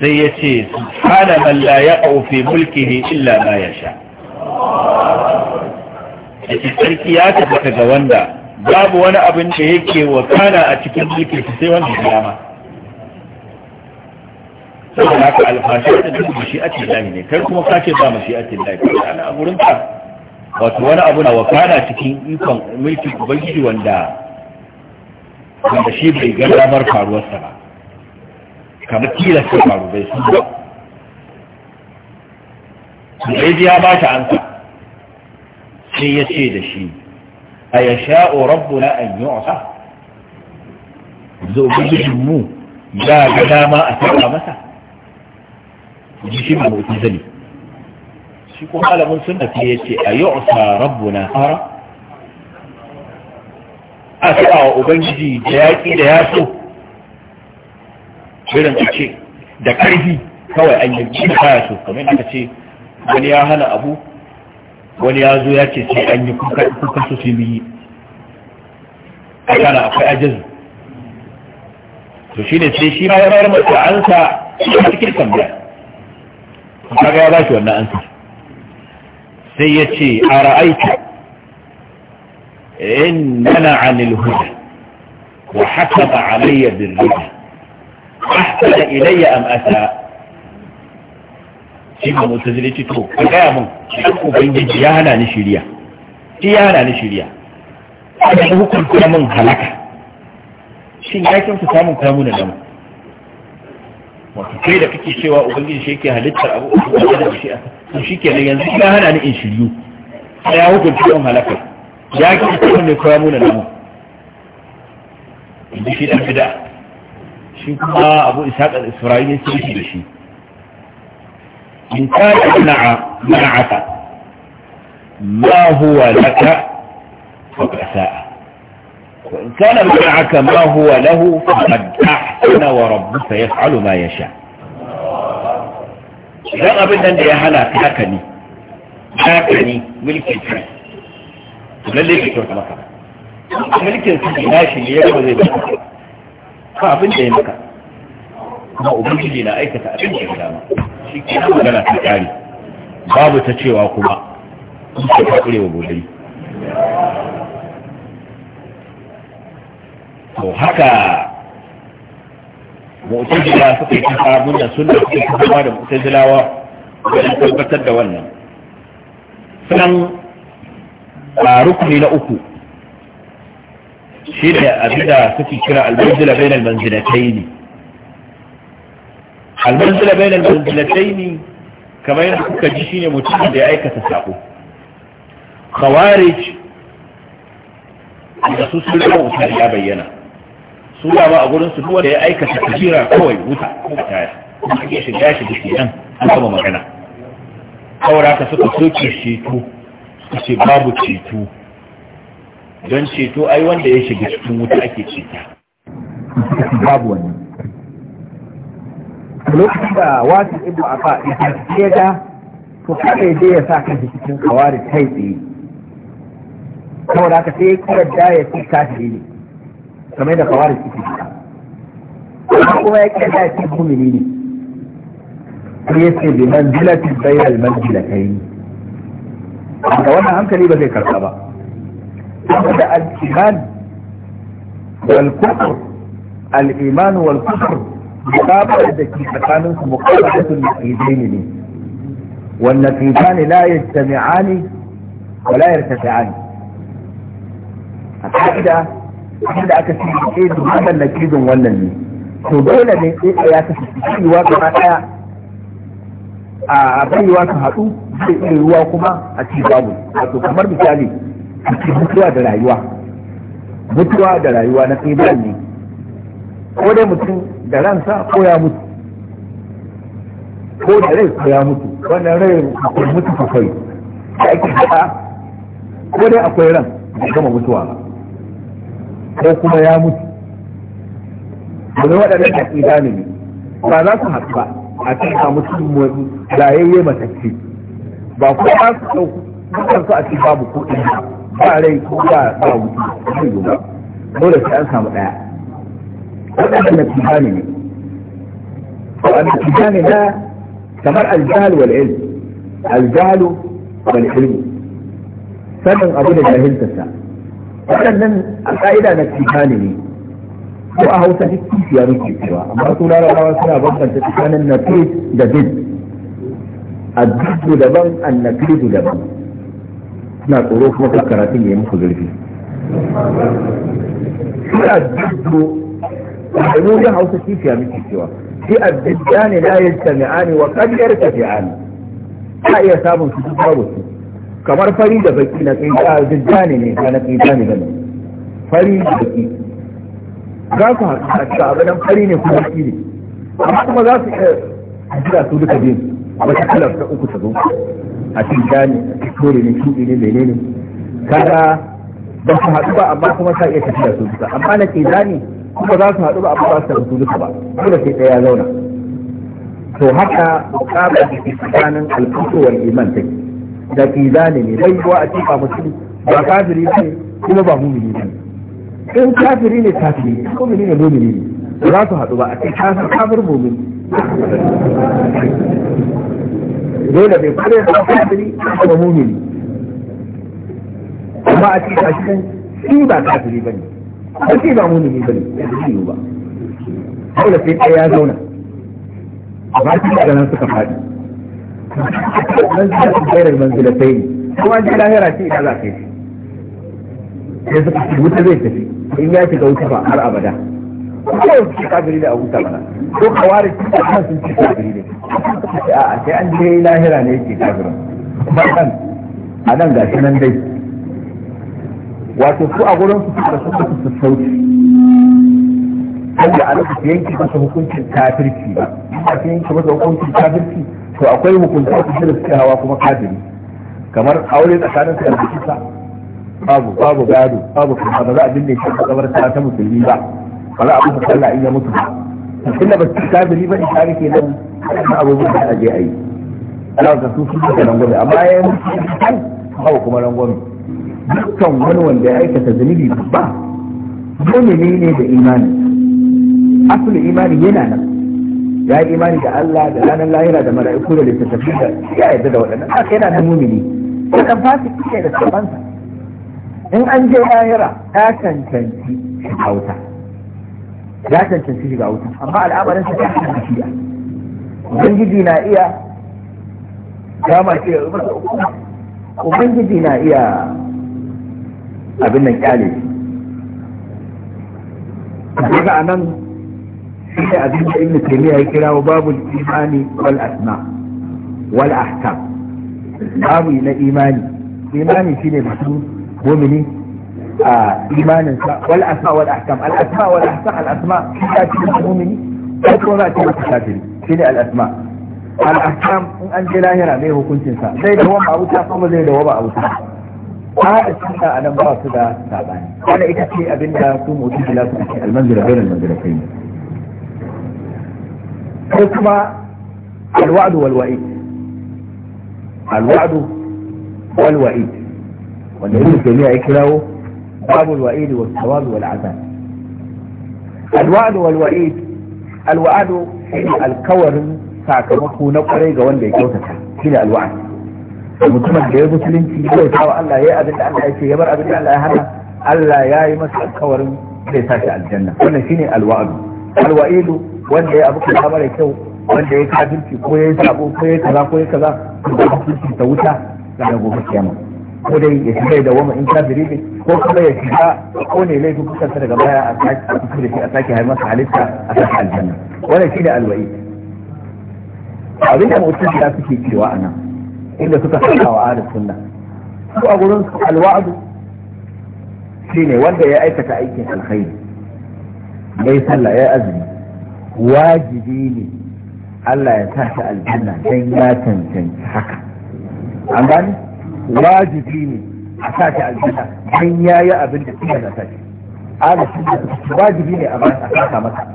sai ya ce subhana man la yaqau mulki mulkihi illa ma ya yasha yake sarki ya tabbata ga wanda babu wani abin da yake kana a cikin su sai wanda kiyama sai saboda haka alfashi da duk shi a tilahi ne kar kuma kace ba mu shi a tilahi ana a gurin ka wato wani abu na wakana cikin ikon mulkin ubangiji wanda wanda shi bai ga damar faruwarsa ba kamar tilasta faru bai sun ba sai ya ba ta ansa sai ya ce da shi a ya sha'o Rabbu na an yi wasa zo gudun mu ya ga dama a taɓa masa ji shi mai mutu shi kuma alamun sunna sai ya ce a yi wasa na fara a taɓa wa ubangiji da yaƙi da ya so shirin a ce da ƙarfi kawai an yi da kaya so kamar aka ce wani ya hana abu wani ya zo ya ce sai an yi kuka su su yi a kana akwai ajizu to shi ne sai shi ma ya bayar masa ansa a cikin tambaya kaga ya ba shi wannan ansa sai ya ce a ra'aita in nana anil huda wa hakama alayya bin ruda ahsana ilayya am asa shi motsa zile ce to ka gaya mun ubangiji ya hana ni shiriya shi ya hana ni shiriya ana hukunta mun halaka shin ya kyautu samun kamunan namu wato kai da kake cewa ubangiji shi ke halittar abu da shi a to shi ke yanzu ya hana ni in shiryu ya hukunta mun halaka
ya ne
mun kamunan namu inda shi dan bid'a shi kuma abu isa da isra'ila sai shi da shi إن كان منع منعك ما هو لك فبأساء وإن كان منعك ما هو له فقد أحسن وربك يفعل ما يشاء
إذن أبدا يا هلا تاكني تاكني
ملك الفين تبليك الفين مثلا ملك الفين ناشي اللي يجب ذي بك فأبدا يا مكا ما لنا أيكة أبدا يا shi ke magana ta babu ta cewa kuma in ce ta ƙurewa to haka mu'tazila suka yi kasa munna sunna suka yi da mu'tazilawa wajen tabbatar da wannan sanan a rukuni na uku shi da abinda suke kira al-manzila bainal manzilatayn almanzila bai nan manzilatai ne kamar yadda kuka ji shine mutum da ya aikata sako khawarij da su sun rama wuta ya bayyana su ba a gurin su duwa da ya aikata kabira kawai wuta ko taya kuma ake shiga shi dake nan an kama magana saboda ka suka soke ceto suka ce babu ceto don ceto ai wanda ya shiga cikin wuta ake ceta babu wani lokacin da wasu ibnu afa ya ga to kada ya je ya sa kan cikin kawari kai tsaye saboda haka sai ya da ya fi kafiri ne kamar da kawari suke shi kuma ya kira da ya fi mumini ne sai ya ce bi manzilatin bayyal manzilatai da wannan hankali ba zai karka ba saboda al-iman wal-kufr al-iman wal-kufr mukabalar da ke tsakanin su mukabalatul naqidaini ne wan naqidani la yajtami'ani wa la yartafi'ani a ka'ida da aka ce ke da wannan naqidin wannan ne to dole ne sai ya kasance cewa gaba daya a baiwa su haɗu zai iya ruwa kuma a ci babu wato kamar misali a ci mutuwa da rayuwa mutuwa da rayuwa na tsibirin ne ko dai mutum da ransa ko ya mutu ko da rai ko ya mutu wannan rai akwai mutu kai. da ake da ko dai akwai ran da gama mutuwa ko kuma ya mutu domin waɗannan gane ne ba za su haɗu ba a cikin samu sun rayayye matacce ba ko ba su ɗau kusan su a cikin babu ko kuɗin ba rai ko ba yi ba dole sai an samu ɗaya هذا الامتحان الامتحان ده كمان الجهل والعلم الجهل والعلم فمن أبونا جاهلت الساعة فمن أبونا الامتحان وأهو سهدتي في أرد الكرة أما رسول الله عليه وسلم أبونا تتحان النفيس جديد الجد لبن النفيس لبن ما قروف مفكراتي يمخذ لفيه شو الجد da mu da hausa kifiya muke cewa shi addidani la yastami'ani wa qad yartafi'ani ta iya samun su duk babu su kamar fari da baki na kai da addidani ne ka na kai ne gani fari da baki za su haɗu a ganin fari ne kuma baki ne amma kuma za su iya jira su duka biyu wata kalar ta uku ta zo a cikin jani a cikin ne shuɗi ne menene kada ba su haɗu ba amma kuma ta iya tafiya su duka amma na ke zani kuma za su haɗu ba amma ba su tafi su duka ba dole sai ɗaya zauna to haka muƙabar da ke tsakanin alfusowar iman take da ke zani ne bai kuwa a cika musu ba kafiri ne kuma ba mumini ne in kafiri ne kafiri ne mumini ne mumini ne za su haɗu ba a ce kafir mumin dole bai kare da kafiri kuma mumini amma a cikin ashirin shi ba kafiri bane ba shi ba ne, bane ba shi ba da sai ɗaya ya zauna a ba shi daga nan suka faɗi nan suka fi bayar sai ne kuma an ji lahira ce ina za ka yi sai suka fi wuta zai tafi in ya shiga wuta ba har abada ko shi kafiri da abuta bana ko kawari shi da kan shi ci kafiri ne a sai an je lahira ne yake kafirin ba kan a nan shi nan dai wato su a gurin su suka suka su sauki wanda a lokacin yanki masa hukuncin kafirci ba a cikin yanki masa hukuncin kafirci to akwai hukunta su da suke hawa kuma kafiri kamar aure tsakanin su da kisa babu babu gado babu kuma ba za a binne shi a kabar ta ta musulmi ba ba za a musu sallah in ya mutu ba tunda ba su kafiri ba in kare ke nan abubuwan da a je a yi Allah ka su su da rangwame amma ya yi mutu ba kuma rangwame dukkan wani wanda ya aikata zunubi babba dole ne da imani asali imani yana nan ya yi imani da Allah da ranar lahira da mala'iku da littattafi da ya yarda da waɗannan haka yana nan mumini ya kan fasiki kike da sabansa in an je lahira ta cancanci shiga wuta ya cancanci shiga wuta amma al'amarin sa ta cancanci shiga ubangiji na iya kama ce ubangiji na iya abin nan kyale daga a nan shi ne abin da ibn taymiya ya kira wa babu imani wal asma wal ahkam babu na imani imani ne mutum mu'mini a imanin sa wal asma wal ahkam al asma wal ahkam al asma ta ce mu'mini ko ko za ce kafiri al asma al ahkam in an je lahira mai hukuncin sa zai dawo wuta kuma zai dawo a wuta ba da a nan ba su da sabani wanda ita ce abin da su mutu bila su ce almanzira bayan almanzira kai ne Ko kuma alwa'adu walwa'i alwa'adu walwa'i wanda yin jami'a ya kirawo babu alwa'idi wa tsawabi wal azab alwa'adu walwa'i alwa'adu shi ne alkawarin sakamako na kwarai ga wanda ya kyautata shi ne alwa'adu mutumin da ya musulunci zai kawo Allah ya yi abin da Allah ya ce ya bar abin da Allah ya hana Allah ya yi masa alkawarin zai tashi aljanna wannan shine alwa'adu alwa'idu wanda ya abu kaza mara kyau wanda ya kafirci ko ya sabo ko ya kaza ko ya kaza to da hukunci ta wuta ga gobe kiyama ko dai ya shiga da wama in kafiri ne ko kuma ya shiga ko ne laifin kusansa daga baya a sake da shi a sake haimasa halitta a sake aljanna wannan shine alwa'id abin da mutum ya ke cewa a nan inda suka saka wa ahlus sunna su a gurin su alwa'du shine wanda ya aikata aikin alkhairi bai sallah ya azumi wajibi ne Allah ya sa shi aljanna dan ya cancanci haka an gane wajibi ne a sa shi aljanna dan ya yi abin da kuma na sa ahlus sunna wajibi ne a ba a saka masa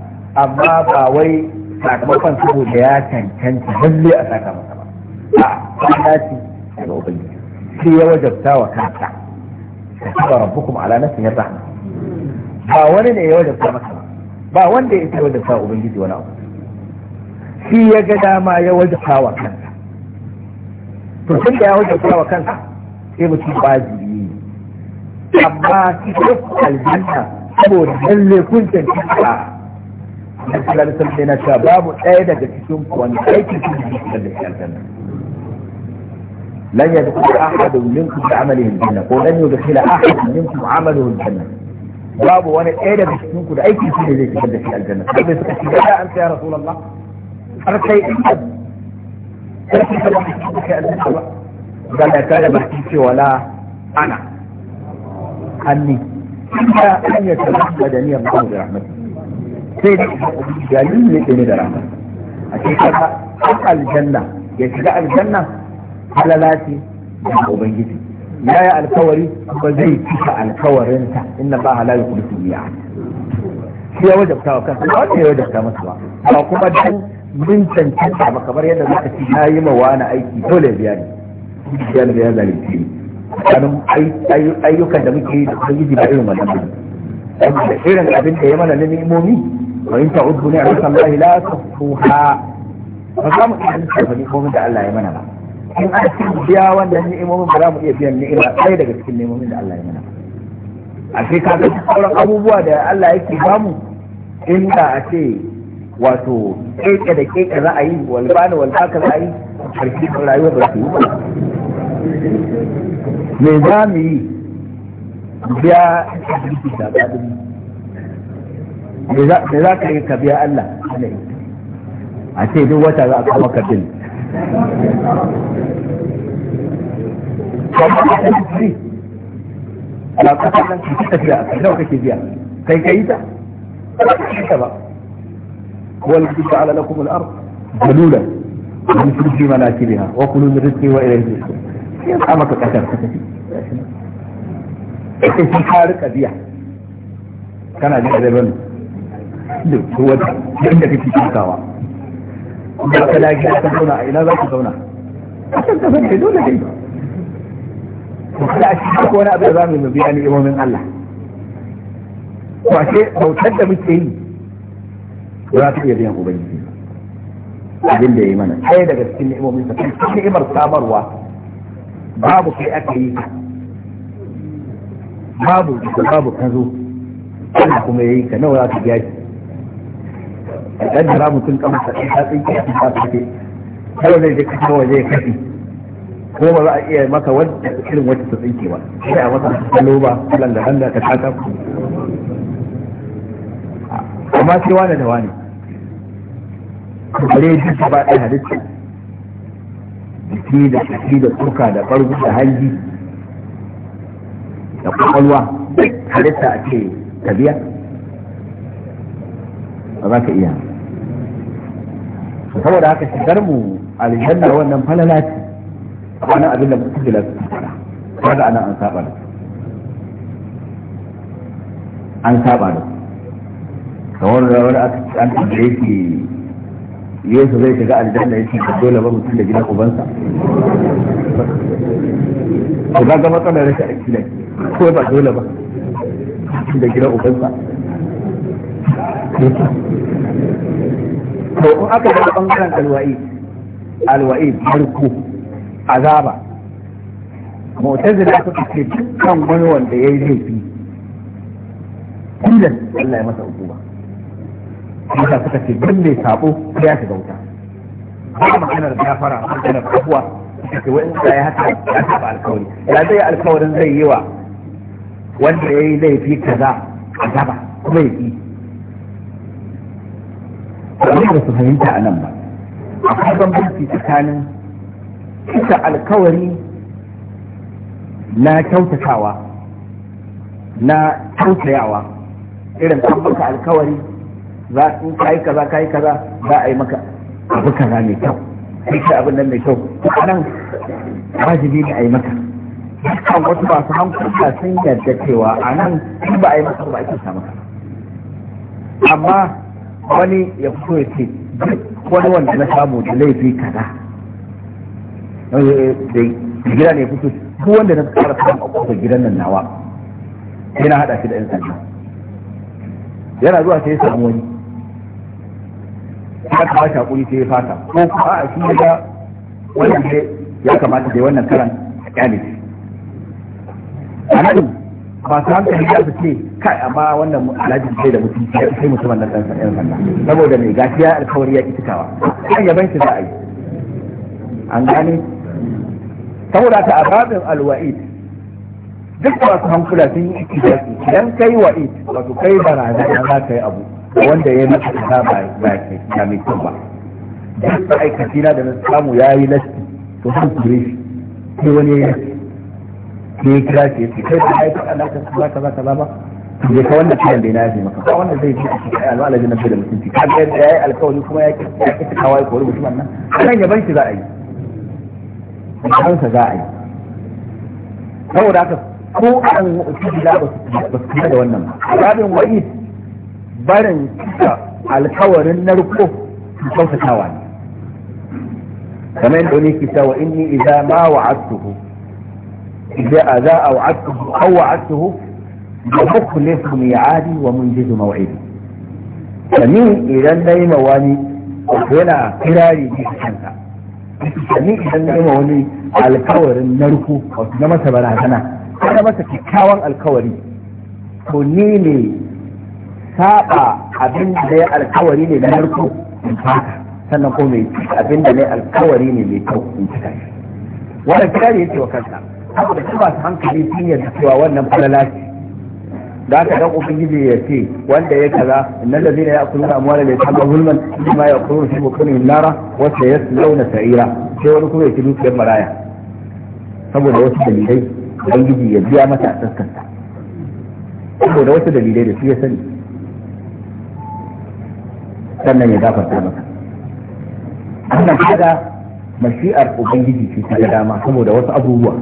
amma ba wai sakamakon saboda ya cancanci, lalle a saka masa ba ba dace daga ubangiji sai ya wajabta wa kansa kaba rabbukum ala nafsihi rahma ba wani ne ya wajabta maka ba ba wanda ya wajabta ubangiji wani abu shi ya ga dama ya wajabta wa kansa to tun da ya wajabta wa kansa sai mutum ba ne amma cikin aljanna saboda lalle kun cancanta na sallallahu alaihi wasallam yana cewa babu ɗaya daga cikin ku wani aikin cikin da shi aljanna لن يدخل احد منكم بعمله الجنه ولن يدخل احد منكم عمله الجنه بابو وانا ايه ده مش اي كيف اللي زي كده في الجنه طب يا انت يا رسول الله انا سيء إيه؟ إيه جدا قال لا تعالى بحكيك ولا انا اني الا ان يتمدني الله برحمته سيدي جليل لي الجنه يا الجنه halala ce da ubangiji ya yi alkawari ba zai cika alkawarinsa inna ba halayu kuma su biya shi ya wajabta wa kansa ba wanda ya wajabta masa ba ba kuma dan mun cancanta ba kamar yadda zaka ci na yi mawa na aiki dole biya ne biya ne biya zalunci ne tsakanin ayyukan da muke yi da ubangiji ba irin wannan ba saboda irin abin da ya mana na ni'imomi wa in ta'uddu ni'matallahi la tuhsuha ba za mu iya nufin ni'imomin da Allah ya mana ba in an ci biya wannan ni'imomin ba za mu iya biyan ni'ima ɗaya daga cikin ni'imomin da Allah ya mana a sai ka ga sauran abubuwa da Allah yake bamu in da a ce wato keke da keke ra'ayi walbani walbaka ra'ayi karshe da rayuwa ba su yi ba me za mu yi biya asibiti da gadin me za ka yi ka biya Allah a ce duk wata za a kama ka bin ba ka kallon ki tafiya a nawa kake biya kai kai ta ka ba wal ja'ala lakum al-ard dalula yusrif fi manakibiha wa kullu min rizqi wa ilayhi tushrun sai ka kasar ka tafi sai ki ka rika biya kana jin da ban duk kake amma ka da ka zauna a ina za ka zauna a kan ka san kai dole kai to kada a cikin wani abu da za mu biya ni imomin Allah to ashe bautar da muke yi ba za ta iya biyan ubangiji abin da ya yi mana Sai daga cikin ni'imomin sa cikin ni'imar samarwa babu kai aka yi ka babu da babu ka zo kuma ya yi ka nawa za ka biya shi a kaddara mutum kamar ta ta tsinke a cikin take kawai zai je kasa waje ya kafi ko ba za a iya maka wanda irin wacce ta tsinke ba sai a masa kalo ba lalla lalla ta kaka amma sai wani da wani kare duk ba ɗaya halitta jiki da jiki da tsoka da ɓargu da hanji da kwakwalwa halitta a ce tabiya ba za ka iya saboda haka shigar mu aljanna wannan falala ce wannan abin da mutum jila su fara kaga ana an saba da an saba da kamar da wani an tambaye shi yesu zai shiga aljanna yake da dole ba mutum da gidan ubansa ko ga matsalar rashin aiki ne ko ba dole ba da gidan ubansa to in aka da bangaren alwa'i alwa'i farko azaba mu'tazila suka ce dukkan wani wanda yayi laifi kullum Allah ya masa hukuma Musa suka ce ban mai sabo ya shiga wuta ba maganar gafara maganar abuwa suka ce wani ya haka ya taba alkawari ya zai alkawarin zai yi wa wanda ya yi laifi kaza azaba kuma ya ki abin da su fahimta a nan ba akwai bambanci tsakanin cika alkawari na kyautatawa na tausayawa irin an maka alkawari za in ka yi kaza ka yi kaza za a yi maka abu kaza mai kyau sai ka abin nan mai kyau nan wajibi ne a yi maka dukkan wasu ba su hankula sun yarda cewa a nan in ba a yi maka ba ake samu amma wani ya fito ya ce duk wani wanda na samu da laifi kaza eh, da gida ne ya fito ko wanda na fara samu a kusa gidan nan nawa sai na haɗa shi da 'yan sanda yana zuwa sai ya samu wani ya kamata hakuri sai ya fata ko kuma a shi ga wani ya kamata da wannan karan a kyale a nan masu hankali ya ce kai amma wannan alhaji sai da mutum ya sai mutumin nan dan sanin sanda saboda mai gaskiya alkawari ya ki cikawa kan yaban shi za a yi an gane saboda ta ababin alwa'id duk masu hankula sun yi ikidaki idan kai wa'id wato kai barazana za ka yi abu wanda ya maka ta ba ya mai kyau ba duk ma'aikaci na da na samu ya yi lasti to sun kure shi sai wani ya yi sai kira shi yace kai da aika Allah ka kaza kaza kaza ba to je ka wannan kiran da ina ji maka ka wannan zai ji shi kai Allah aljanna bai da mutunci ka ga da yayi alkawari kuma ya ki ya ki kawai ko rubutu nan kan gaban shi za a yi kan sa za a yi saboda haka ko an kujila ba su ba da wannan babin wa'id barin kika alkawarin narko kyautatawa ne kamar yadda wani ke cewa inni idza ma wa'adtuhu إذا أذى أو عدته أو وعدته مخلف ميعادي ومنجز موعدي سمين إذا نايم واني وأنا قراري في حسنها sani idan nema wani alkawarin na rufu wasu na masa barazana ana masa kyakkyawan alkawari to ni ne saba abin da ya alkawari ne na narko in fata sannan ko mai abin da ne alkawari ne mai kyau in fita wannan ya yake wa kansa haka da su hankali sun yadda cewa wannan falala ce da aka dan ubangiji ya ce wanda ya kaza innal ladina ya'kuluna amwala la yatama zulman bima ya'kuluna fi bukunihim nara wa sayaslawna sa'ira sai wani kuma ya ci dukiyar maraya saboda wasu dalilai ubangiji ya biya mata a tsakanta saboda wasu dalilai da su ya sani sannan ya gafarta mata wannan kaga mashi'ar ubangiji ce ta dama saboda wasu abubuwa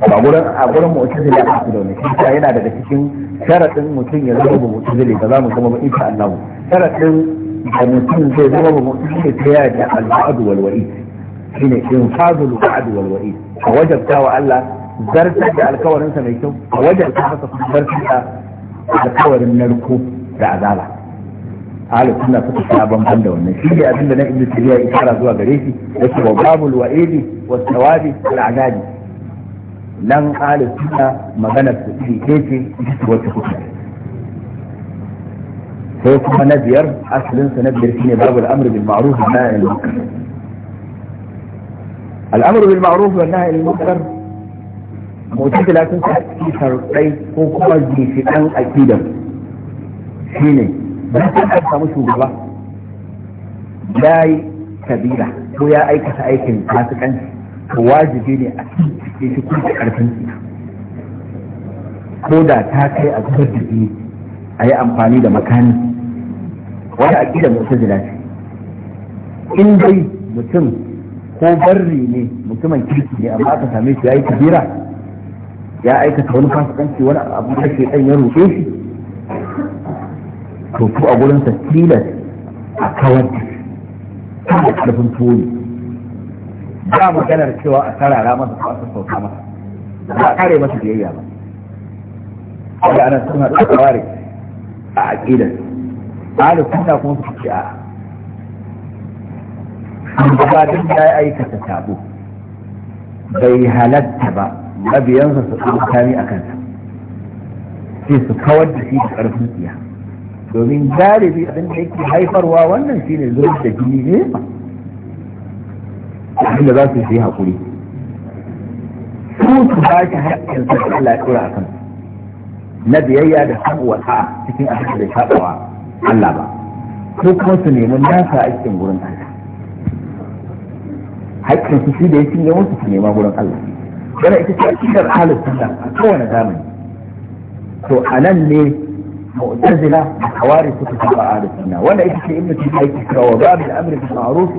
a gurin a gurin mu'tazili a su da wani shi yana daga cikin sharadin mutum ya zama ba mu'tazili ba za mu zama ba insha Allah sharadin da mutum zai zama ba mu'tazili ta yaya da al-ba'd wal wa'id shine infadul ba'd wal wa'id a wajabta wa Allah zartar da sa mai kyau a wajabta haka kuma zartar da alkawarin narko da azaba ahli sunna suka sha bamban da wannan shi ne abinda na ibnu tabiya ya fara zuwa gare shi yake wa babul wa'idi was thawabi al-adabi nan halin suna magana su iri ce wacce kuka sai kuma na biyar asalin sa na biyar shine babu al'amr bil ma'ruf wa nahy anil munkar al'amr bil ma'ruf wa nahy anil munkar mu'tazila sun sa ci sharɗai ko kuma gishidan aqidar shine ba sai an samu shugaba yayi kabila ko ya aikata aikin fasikanci to wajibi ne a cikin Koda ko da ta kai a zubar da jini a yi amfani da makani wani aƙida mu'tazila ce in dai mutum ko barri ne mutumin kirki ne amma aka same shi yi kabira ya aikata wani fasikanci wani abu da ke dan ya roƙe shi to ko a gurin sa tilas a kawar da tuwo ne ba maganar cewa a sarara masa ko a masa ba kare masa biyayya ba kaga ana suna da tsawari a aqidar ahli sunna kuma su ce a gabatar da ya aikata tabo. bai halatta ba mabiyansa su kuma kami a kansa sai su kawar da shi da ƙarfin tsiya domin galibi abin da yake haifarwa wannan shine zuwa da jini ne da abin za su yi haƙuri su ba shi haƙƙin sa da Allah ya tura a kan na biyayya da sabuwa ta cikin abin da ya saɓawa Allah ba ko kuma su nemi nasa a cikin gurin Allah haƙƙin su shi da ya cinye musu su nema gurin Allah yana ita ce cikin halin sallah a kowane zamani to a nan ne mu'tazila da hawari suka saba a halin sallah wanda ita ce ibnu tayyib yake cewa babu al-amri bil ma'ruf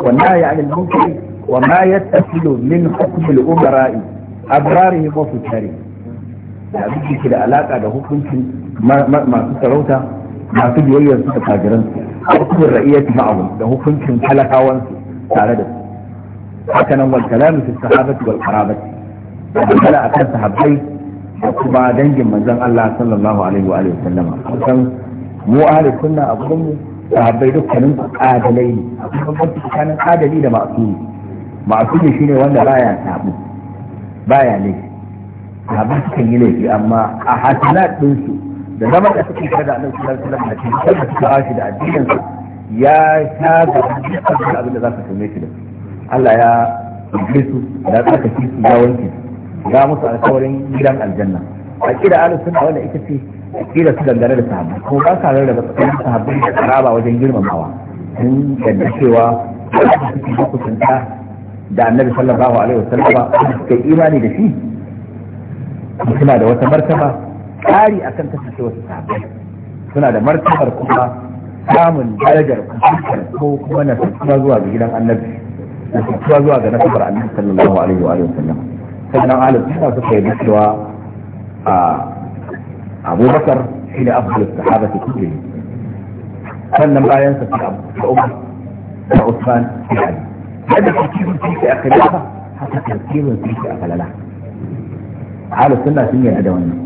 والنهي عن المنكر وما يتصل من حكم الأمراء أبرارهم وفجارهم da abin da ke da alaka da hukuncin masu sarauta masu biyayyar su da fajiran su hukumin ra'iyyati ma'amun da hukuncin talakawan su tare da su haka nan wal kalamu fi sahabati wal qarabati da kala akan sahabbai da kuma dangin manzon Allah sallallahu alaihi wa alihi wasallam san mu ahli sunna a gurin mu sahabbai dukkanin a kadalai ne akwai bambanci tsakanin kadali da ma'asumi shi shine wanda baya sabu baya ne sahabbai sukan yi laifi amma a hasanat ɗinsu da zama da suke tare da annabi sallallahu alaihi wasallam da cikin da suka ashi da addinin su ya sha ga dukkan abin da za su tume shi da Allah ya yi su da tsaka su ya wanke ga musu alƙawarin gidan aljanna a kira ahlus a wanda ita ce kila su dangane da sahabbai ko ba sa ba tsakanin sahabbai da karaba wajen girmamawa sun yadda cewa wanda suke hukunta da annabi sallallahu alaihi wasallam wanda ba yi imani da shi suna da wata martaba tsari akan kasance wasu sahabbai suna da martabar kuma samun darajar kusurkar ko kuma na nasartuwa zuwa ga gidan annabi nasartuwa zuwa ga nasabar annabi sallallahu alaihi wa sallam sannan alaihi suna suka yi cewa a Abubakar bakar shi ne abu sahaba ta kuke sannan bayan sa sai abu umar da usman da ali yadda tafsirin su ke a kalifa haka tafsirin su ke a kalala ahlu sunna sun yarda da wannan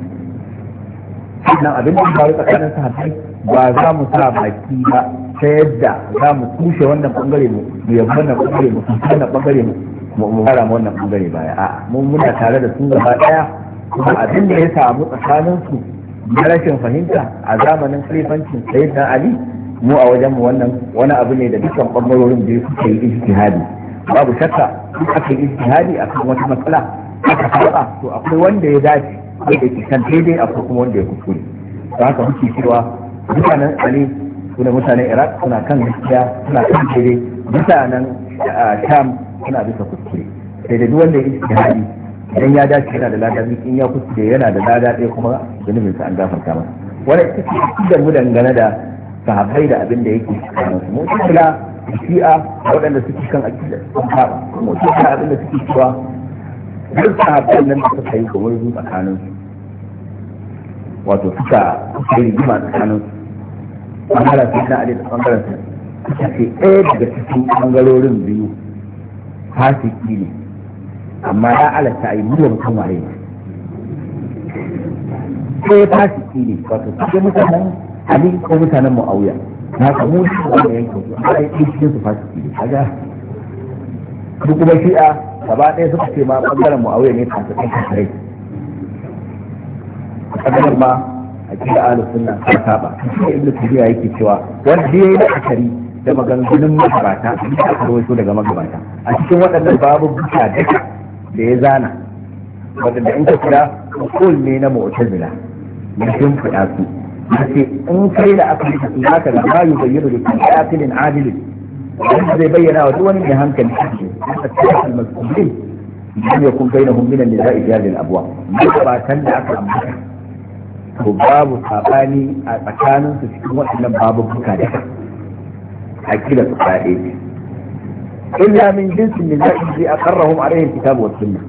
sannan abin da ba tsakanin sahabbai ba za mu sa baki ba ta yadda za mu kushe wannan bangare mu mu yabi wannan bangare mu wannan mu mu fara wannan baya a mun tare da su gaba daya kuma abin da ya samu tsakanin su na rashin fahimta a zamanin khalifancin sayyid na ali mu a wajenmu wannan wani abu ne da dukkan ɓangarorin biyu suka yi ijtihadi babu shakka duk aka yi ijtihadi kan wata matsala aka saba to akwai wanda ya dace wanda ke kan daidai akwai kuma wanda ya kuskure don haka muke cewa mutanen ali suna mutanen iraq suna kan gaskiya suna kan daidai mutanen ah, sham suna bisa kuskure sai da duk wanda ya ijtihadi idan ya dace yana da lada in ya kuskure yana da lada ɗaya kuma zunubin sa an gafarta masa wani ita ce idan mu dangane da sahabbai da abin da yake cikin su mu kula shi'a waɗanda suke kan akida sun saba mu kula abin da suke cewa duk sahabbai nan da suka yi kamar su tsakanin su wato suka yi rigima tsakanin su ɓangaren su na ali da ɓangaren su suka ce ɗaya daga cikin ɓangarorin biyu fasiki ne amma ya halatta a yi buwa mutum waye ko ya tashi shi ne wato cikin mutanen ali ko mutanen mu'awiya na samu shi wanda yankin su a yi cikin su fashi shi ne kaga duk kuma shi'a gaba ɗaya suka ce ma ɓangaren mu'awiya ne ta fasu ɗan kasarai a ɓangaren ma a cikin ahalus sunna ta saba shi ibnu tabiya yake cewa wanda ya yi la'akari da maganganun magabata a aka rawaito daga magabata a cikin waɗannan babu buka daga. da ya zana wadanda in ka kira kul ne na mu'tazila ya fada su yace in kai da aka yi su haka da ba yi bayyana da kan qatilin adilin zai bayyana wa duk wani da hankali shi ne ta al-mas'ulin dan yakun bainahum min minan nizai jalil abwa mabatan da aka ambata to babu sabani a su cikin waɗannan babu buka da akida su faɗe إلا من جنس من ذلك الذي أقرهم عليه الكتاب والسنة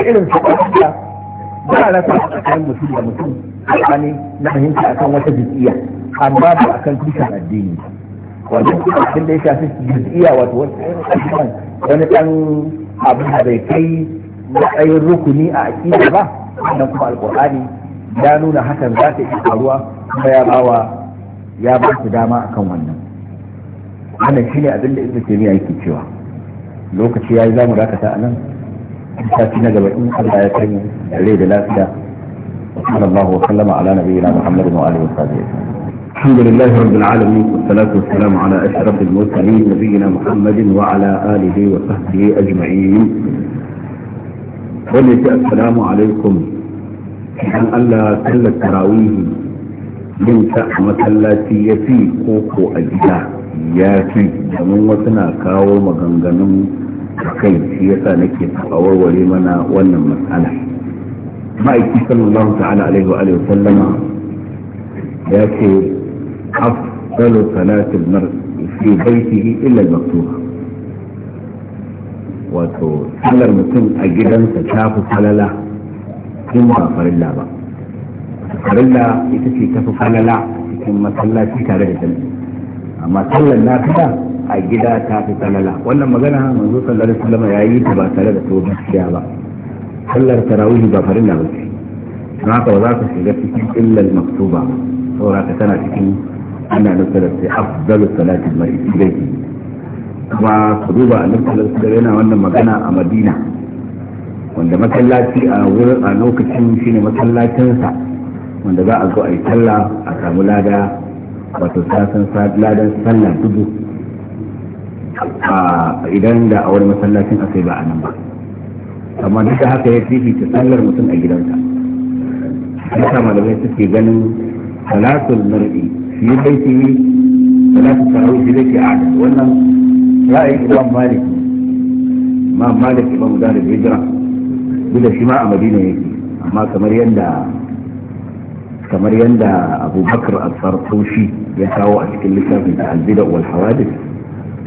إذن سؤالك ba
na sa a kan mutum da mutum tsakanin na fahimta akan wata jiz'iya amma ba akan tushen addini wato abin da shafi jiz'iya wato wani ɗan abu da bai kai matsayin rukuni a aƙida ba sannan kuma alƙur'ani ya nuna hakan za ta iya faruwa kuma ya ya ba su dama akan wannan wannan shine abin da ibnu taymiya yake cewa lokaci ya yi za mu dakata a nan sati na gaba in Allah ya kai rai da lafiya wa وصلى الله وسلم على wa محمد wa وصحبه الحمد لله رب العالمين والصلاة والسلام على أشرف المرسلين نبينا محمد وعلى آله وصحبه أجمعين وليس السلام عليكم أن الله كل التراويح yin ta a masallaci ya fi koko a gida ya fi domin wasu na kawo maganganun a kai shi yasa nake a warware mana wannan matsala ma'aiki sallallahu ta'ala alaihi wa sallama ya ce afdalu salatin mar fi baitihi illa maktuba wato sallar mutum a gidansa ta fi falala in ba farilla ba farilla ita ce ta fi falala cikin masallaci tare da jami'i amma sallar nafila a gida ta fi falala wannan magana manzo sallallahu alaihi wasallam ya yi ta ba tare da tsohon gaskiya ba sallar tarawih ba farilla ba ce don haka ba za ka shiga cikin illal maktuba saboda ka tana cikin ana nufin da sai afdalu salatin mai gaji kuma ku duba annabi sallallahu alaihi wasallam yana wannan magana a Madina wanda masallaci a wurin a lokacin shine masallacinsa wanda za a zo a yi talla a samu lada wato sasan ladan sallah dubu idan da a wani masallacin akai ba a nan ba amma duk da haka ya ta sallar mutum a gidansa haka malamai suke ganin salatul mar'i shi baiti salatul sarau shi ke a wannan ra'ayin imam malik imam malik imam da hijira duk da shi ma a madina yake amma kamar yadda kamar yadda abubakar al-sartoshi ya kawo a cikin littafin ta'albida wal hawadis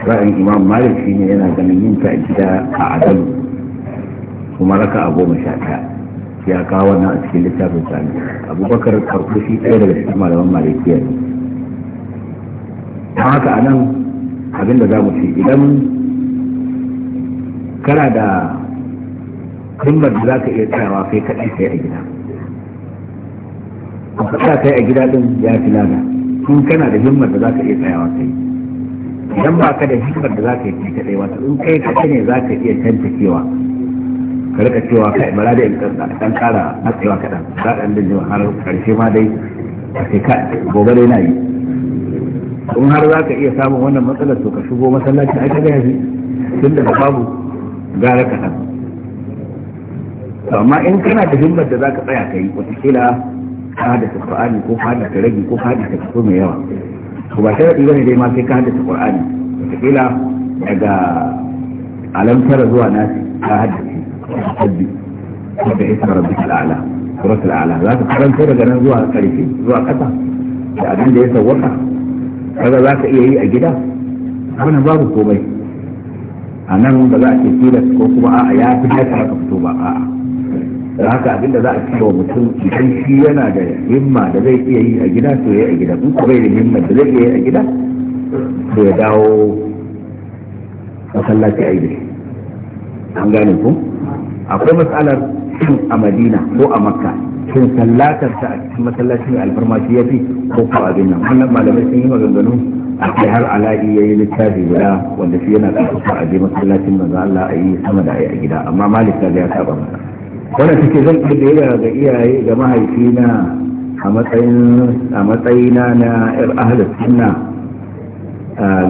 ra'ayin imam malik shine yana ganin yin gida a adalu kuma raka a goma sha ɗaya ya kawo wannan a cikin littafin ta'albida abubakar al-sartoshi ɗaya daga cikin malaman malikiya ne ta haka anan abinda za mu ce idan kana da kalmar da za ka iya tsayawa kai kaɗai sai a gida ka sa kai a gida din ya fi lada tun kana da himmar da za ka iya tsayawa kai idan ba ka da himmar da za ka yi kadai wata in kai kadai ne ka iya cewa ka rika cewa kai bara da in dan kara kaɗan, za ka ɗan jima'a har karshe ma dai a kai ka gobe dai na yi in har za ka iya samun wannan matsalar to ka shigo masallacin ai kaga yafi tun da babu gara ka san amma in kana da himmar da za ka tsaya kai wata kila ka ta qur'ani ko ka ta ragi ko ka ta kaso mai yawa ko ba sharadi bane dai ma sai ka ta qur'ani kila daga alamtara zuwa nasi ka haddace sabbi da ita rabbi a'la suratul a'la za ka karanto daga nan zuwa karfi zuwa ƙasa da abin da ya sawwaka kaga za ka iya yi a gida wannan babu komai a nan ba za a ce tilas ko kuma a'a ya fi haka fito ba a'a da haka abinda za a ci wa mutum idan shi yana da himma da zai iya yi a gida to ya a gida in ku bai da himma da zai iya yi a gida to ya dawo masallaci a gida an gane ku akwai matsalar shin a madina ko a makka shin sallatar ta a cikin masallacin alfarma shi ya fi ko ko abin nan wannan malamai sun yi maganganu a kai har ala'i ya yi littafi guda wanda shi yana ƙarfafa a je masallacin manzo Allah a yi sama da a yi a gida amma malik ya saba masa wannan take zan iya da ga iyaye ga mahaifina a matsayin a matsayina na yar ahlus sunna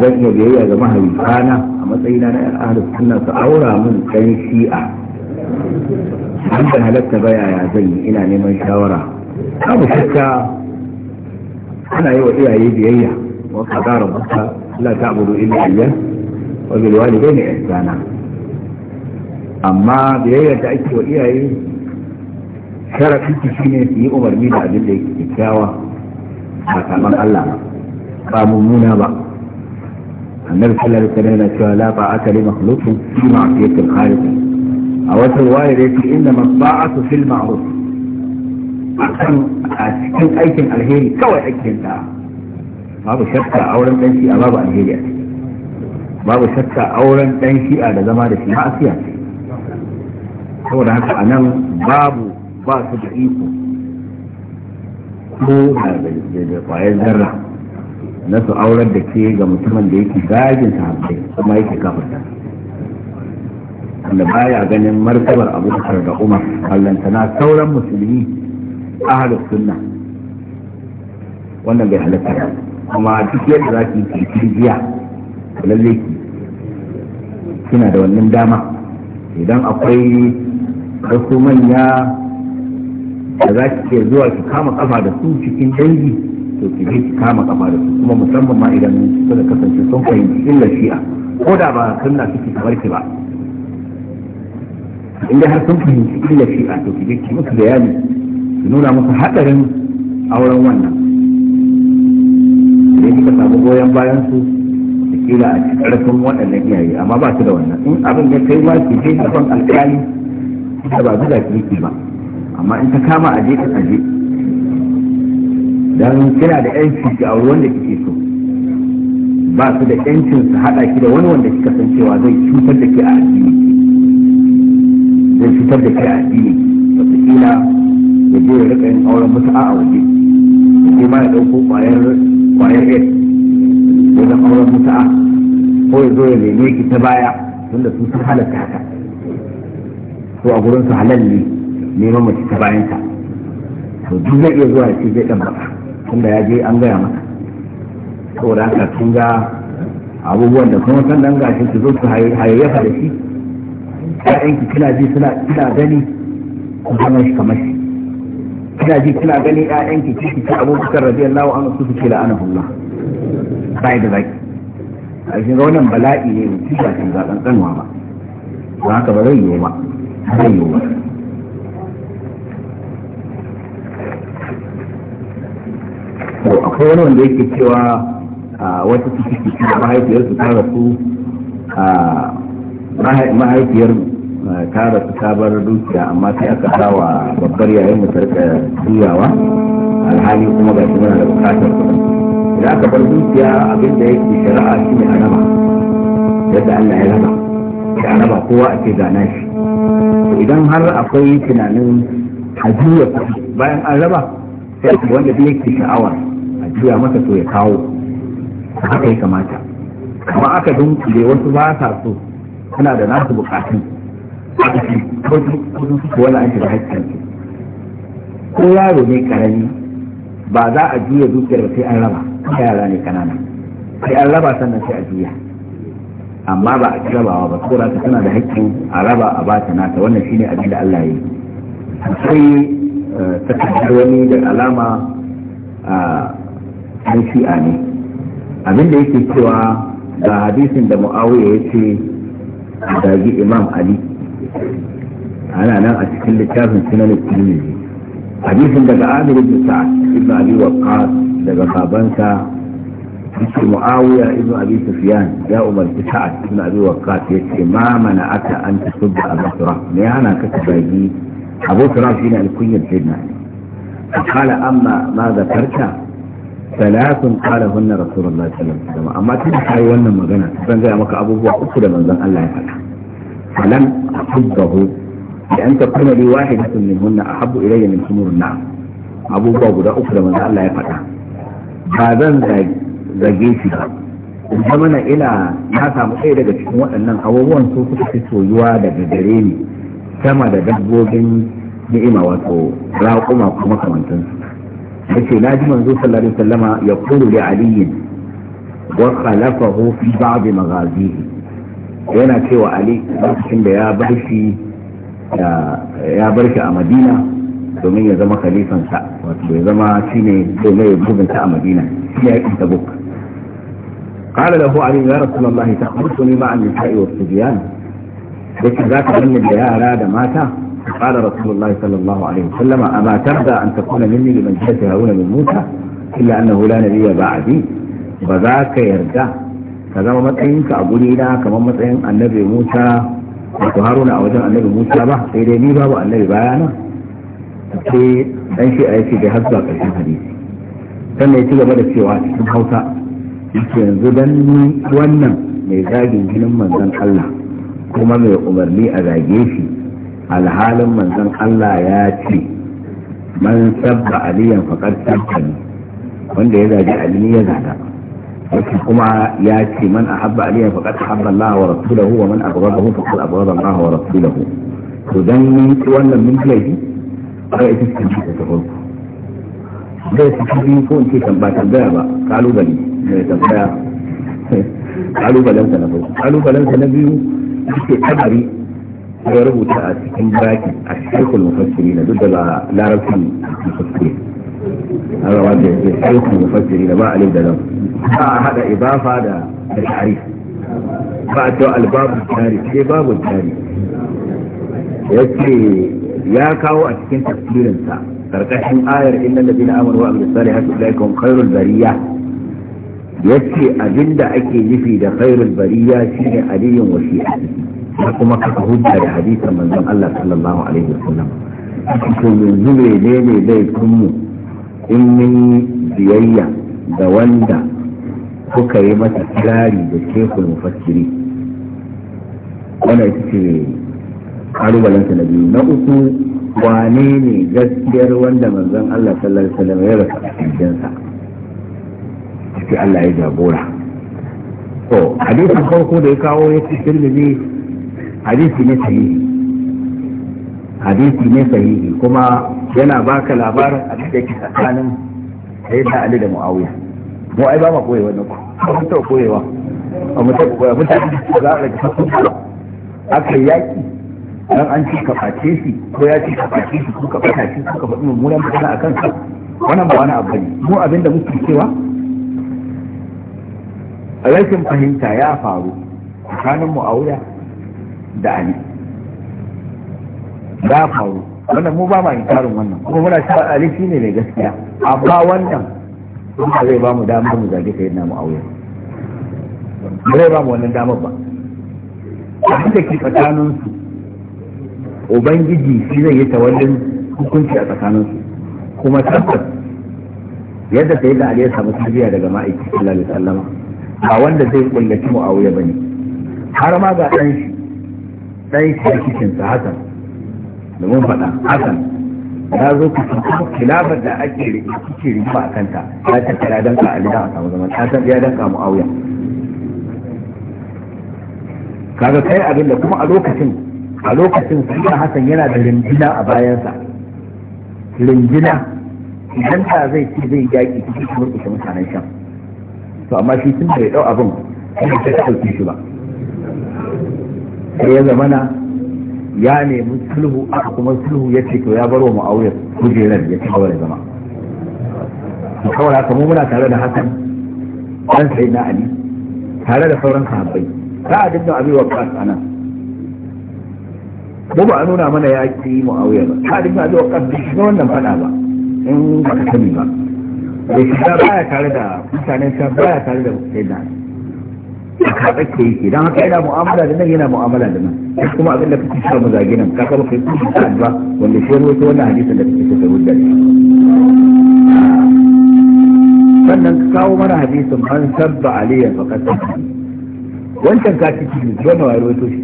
zan iya biyayya ga mahaifana a matsayina na yar ahlus sunna su aura min kan shi'a an da halatta baya ya zan yi ina neman shawara abu shakka ana yi wa iyaye biyayya wa qadara rabbuka la ta'budu illa iyyah wa bil walidaini ihsana amma biyayyar da ake wa iyaye sharafi shi ne su yi umarni da abin da yake kyakkyawa a saban Allah ba ba mummuna ba annabi sallallahu alaihi wasallam yana cewa la ba'ata li makhluqin fi ma'siyatil khaliq a wata riwaya da yake inna ma'ba'atu fil ma'ruf akan a cikin aikin alheri kawai aikin da babu shakka auren dan shi'a babu alheri a ciki babu shakka auren dan shi'a da zama da shi ma'asiya ce saboda haka a nan babu ba su da iko ko da kwayar zarra na su aurar da ke ga mutumin da yake gajin sahabbai kuma yake kafarta wanda baya ganin martabar abu da umar na sauran musulmi a ahalus sunna wannan bai halatta kuma duk yadda za ki yi kirgiya lalle ki kina da wannan dama idan akwai da su manya da za ki ke zuwa ki kama kafa da su cikin dangi to ki je ki kama kafa da su kuma musamman ma idan suka kasance sun fahimci illa shi'a ko da ba sunna suke kamar ki ba inda har sun fahimci illa shi'a to ki je ki musu bayani ki nuna musu hadarin auren wannan idan kika samu goyon bayan su kila a karfin waɗannan iyaye amma ba su da wannan in abin ya kai ma su je gaban alƙali da ba zuga ki ba amma in ta kama a je ka aje dan kina da yanci ki a wanda kike so ba su da yancin su hada ki da wani wanda kika san cewa zai cutar da ke a addini zai cutar da ke a addini wataƙila ya je ya rika yin auren mutu'a a waje ko ma ya ɗauko ƙwayar ƙwayar wajen auren mutu'a ko ya zo ya neme ki ta baya tunda su sun halatta haka ko a gurin su halal ne neman mace ta bayan ta to duk zai iya zuwa ce zai dan baka tunda ya je an gaya maka saboda haka kun ga abubuwan da kuma san dan gashi su zo su hayayyafa da shi ki kina ji suna kina gani ku zama shi kamar shi kina ji kina gani ki kiki ta abubakar radiyallahu anhu su suke la'anahullah bai da zaki a shi ga wannan bala'i ne mutum ba kan zaɓen kanwa ba don haka ba zai yi ba أيوة to akwai wani wanda yake cewa wata ciki ciki da mahaifiyarsu ta rasu mahaifiyar ta rasu ta bar dukiya amma sai aka sawa babbar yayin mu tarka juyawa alhali kuma ga shi muna da bukatar kuɗin idan aka bar dukiya abin da yake shari'a shi ne a raba yadda Allah ya raba ya raba kowa a ce gana shi idan har akwai tunanin hajiya bayan an raba sai wanda zai yake sha'awa a juya masa to ya kawo haka ya kamata kuma aka dunkule wasu ba sa so suna da nasu bukatu ko su wani an shiga su ko yaro ne karami ba za a juya zuciyar sai an raba yara ne kanana sai an raba sannan sai a juya amma ba a ci rabawa ba ko ta tana da haƙƙin a raba a ba ta nata wannan shine abin da Allah ya yi sai eh, takardar wani da alama a an ne abin da yake cewa ga hadisin da mu'awiya ya ce zagi imam ali ana nan a cikin littafin sunan tirmidhi hadisin daga amir ibn sa'ad ibn abi waqqas daga babansa yace muawiya ibnu abi sufyan ya umarci sa'ad ibn abi waqqas yace ma mana aka an tasubba abu turab me yana ka tabagi abu turab shine alkunyar sayyidina قال أما ما ذكرت ثلاث قالهن رسول الله صلى الله عليه وسلم أما تنحي وانا مغنى فانزع مك أبو بوع أكد من ذن الله يفعل فلم أحبه لأن تكون لي واحدة منهن أحب إلي من حمر النعم أبو بوع أكد من ذن الله يفعل هذا zage shi ba zamana ina na samu ɗaya daga cikin waɗannan abubuwan su suka fi soyuwa daga gare ni sama da dabbobin ni'ima wato raƙuma kuma kamantansu yace na ji manzo sallallahu alaihi wasallama ya kulu li aliyin wa khalafahu fi ba'd maghazihi yana cewa ali lokacin da ya bar shi ya bar shi a madina domin ya zama khalifansa wato ya zama shine domin ya bugunta a madina shi ya yi tabuk قال له علي يا رسول الله تخلصني مع النساء والصبيان لكن ذاك من يا أراد ماتا قال رسول الله صلى الله عليه وسلم أما ترضى أن تكون مني لمن جهة هارون من موسى إلا أنه لا نبي بعدي وذاك يرجع كذا مطعينك أقول إلا كما مطعين النبي موسى وهارون أو جمع النبي موسى به سيدي بيبا والنبي بيانا sai dan shi a yake da har zuwa ƙarshen hadisi sannan ya ci gaba da cewa cikin hausa yake yanzu dan wannan mai zagin jinin manzon Allah kuma mai umarni a zage shi alhalin manzon Allah ya ce man sabba aliyan faqad sabbani wanda ya zage ali ya zaga yake kuma ya ce man ahabba aliyan faqad ahabba Allah wa rasulahu wa man abghadahu faqad abghada Allah wa rasulahu to dan wannan mun laifi ai ita ce ta farko zai su biyu ko in ce kan ba tambaya ba kalubale mai tambaya kalubalensa na farko kalubalensa na biyu suke kadari ya rubuta a cikin baki a shekul mufassiri na duk da larabcin mufassiri an rawa da ya shekul mufassiri na ba a da nan ba a haɗa ibafa da tari ba a cewa albabu tari sai babu tari ya ce ya kawo a cikin tafsirinsa karkashin ayar inna ladina amanu wa amilu salihati ulaikum khairul bariya yace abinda ake nufi da khairul bariya shine aliyun wasi'ati na kuma kaka hujja da hadisin manzon Allah sallallahu alaihi wasallam to yanzu ne ne zai mu in mun biyayya da wanda kuka yi masa kirari da shekul mufassiri wannan ita ce kalubalanta na biyu na uku wane ne gaskiyar wanda manzon Allah sallallahu alaihi wasallam ya rasa a sa sai Allah ya jagora
to hadisin
farko da ya kawo ya ce tirmidhi hadisi ne sahihi hadisi ne sahihi kuma yana baka labarin abin da yake tsakanin sayyidina Ali da Muawiya mu ai ba ma koyi wannan ko mun ta koyewa a mu ta koyewa mun ta za a rage fasu aka yaki dan an ci kaface shi ko ya ci kaface shi ko kafata shi ko ka faɗi mummunan magana akan sa wannan ba wani abu ne mu abinda muke cewa rashin fahimta ya faru tsakanin mu'awiya da ali ya faru wannan mu ba ma inkarin wannan kuma muna cewa ali shine mai gaskiya amma wannan ba zai ba mu damar mu zage kai na mu'awiya ba zai ba mu wannan damar ba A da ke tsakanin su ubangiji shi zai yi tawallin hukunci a tsakanin su kuma tabbas yadda sai da ali ya samu tarbiyya daga ma'aikatan sallallahu alaihi wasallam ba wanda zai kullaci mu'awiya ba ne har ma ga ɗan shi ɗan shi da cikinsa hasan domin faɗa hasan ya zo ku kilafar da ake rikici rigima a kanta ya ya don a alida a samu zaman ya san ya danka mu'awiya kaga kai abin da kuma a lokacin a lokacin sai hasan yana da rindina a bayansa rindina idan ta zai ce zai yaƙi cikin murƙushe mutanen shan to amma shi tun bai dau abin kuma ta ɗauki shi ba sai ya zamana ya nemi sulhu aka kuma sulhu ya ce to ya bar wa mu'awiyar kujerar ya ci gaba da zama kawai haka mu muna tare da hasan dan sai na ali tare da sauran sahabbai sa'ad abin abi waqqas anan mu ba a nuna mana ya ki mu'awiya ba sa'ad abin abi waqqas bai shiga wannan fada ba in ba ka sani ba bai shiga baya tare da mutanen can baya tare da sai da a kaɗa ke yi idan haka yana mu'amala da nan yana mu'amala da nan sai kuma abin da kake shiga mazagi nan ka kama kai kuma ta addu'a wanda shi wani wata wannan hadisin da kake shiga wurin dare sannan ka kawo mana hadisin man sabba aliyan fakat wancan ka ciki wannan wayo to shi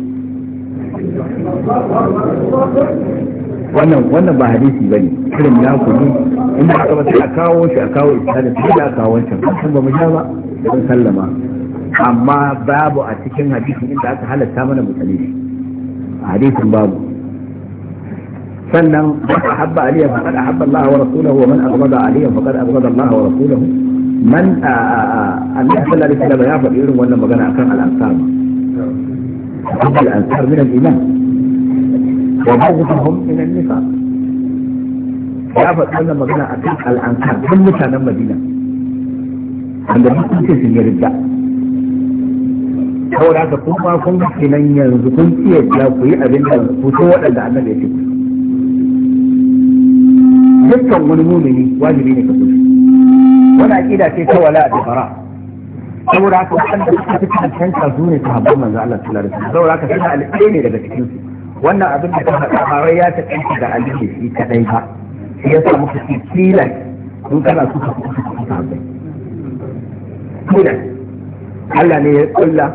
wannan wannan ba hadisi ba ne irin na ku ne inda aka ba sai a kawo shi a kawo isharin sai da aka wancan kan ba mu sha ba don sallama amma babu a cikin hadisin inda aka halatta mana mu tsale shi a hadisin babu sannan a habba aliyan faqad ahabba Allah wa rasulahu wa man aghlada aliyan faqad aghlada Allah wa rasulahu man annabi sallallahu alaihi wasallam ya faɗi irin wannan magana akan al-ansar al-ansar min al-iman wa ba'dhum min an-nifaq ya faɗi wannan magana a kan al'ankar kan mutanen madina wanda mutum ce sun yi ridda saboda haka kun ma kun ga kenan yanzu kun iya ya ku yi abin da ku so waɗanda annabi ya ce ku dukkan wani mumini wajibi ne ka so wani aƙida ce ta wala da fara saboda haka waɗanda suka fi cancanta su ne ta sahabban manzo Allah sallallahu alaihi wasallam saboda haka suna ne daga cikinsu. wannan abin da ka faɗa ba wai ya taƙaita da aliyu shi kadai ba shi ya samu ka tilan in kana so ka kuka kuka sabai tilan Allah ne ya kulla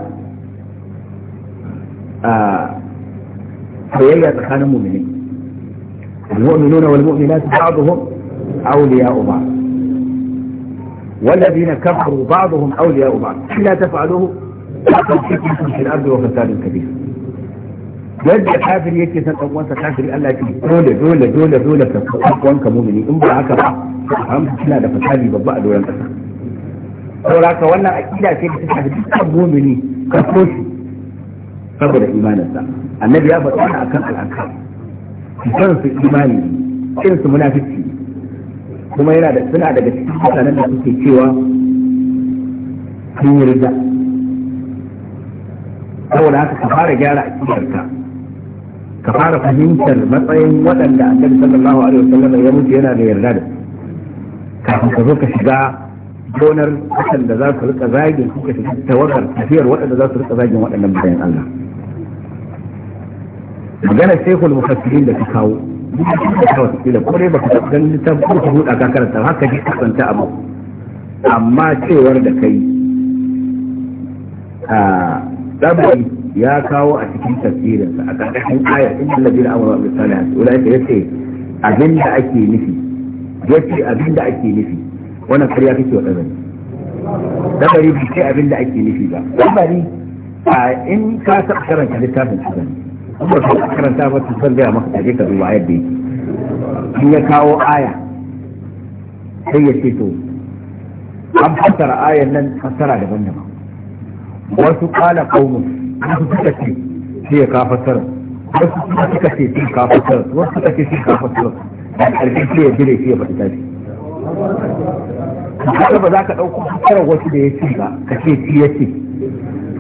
soyayya tsakanin mu'mini المؤمنون والمؤمنات بعضهم أولياء بعض والذين كفروا بعضهم أولياء بعض لا تفعلوه فتنسكم في الأرض وفساد كبير yadda kafiri yake son dan uwansa kafiri Allah ke. dole dole dole dole ka san dan uwanka mu'mini in ba haka ba haramta kina da fasali babba a doron kasa saboda wannan aqida ce da take dukkan mu'mini ka so shi saboda imaninsa annabi ya faɗa wannan akan al'anka kan su imani kin su munafiki kuma yana da suna daga cikin mutanen da suke cewa sun yi rida saboda haka ka fara gyara a aqidarka ka fara fahimtar matsayin waɗanda a cikin sallallahu alaihi wa sallam ya mutu yana da yarda da kafin ka zo ka shiga gonar waɗanda za su rika zagin su ka shiga tawagar tafiyar waɗanda za su rika zagin waɗannan bayan Allah magana shekul mufassirin da ka kawo ko dai baka dan littafin ko ka ka karanta haka ji kasanta abu amma cewar da kai a ya kawo a cikin tafsirinsa a ƙarƙashin aya in da labin amurwa mai salihan wala ya ce abin ake nufi ya ce abin ake nufi wannan karya kake wa ɗazari Dabari bai ce abinda ake nufi ba ɗazari a in ka sa karanta littafin su gani in ba ka karanta ba su san gaya maka kaje ka duba ayar yake in ya kawo aya sai ya ce to an fassara ayar nan fassara daban-daban wasu kala kaumus wasu suka ce sai ya kafatar wasu suka ce sai kafatar wasu suka ce sai kafatar da ƙarfi sai ya dire sai ya faɗi tashi kada ba za ka ɗauko fasarar wasu da ya ce ba ka ce shi ya ce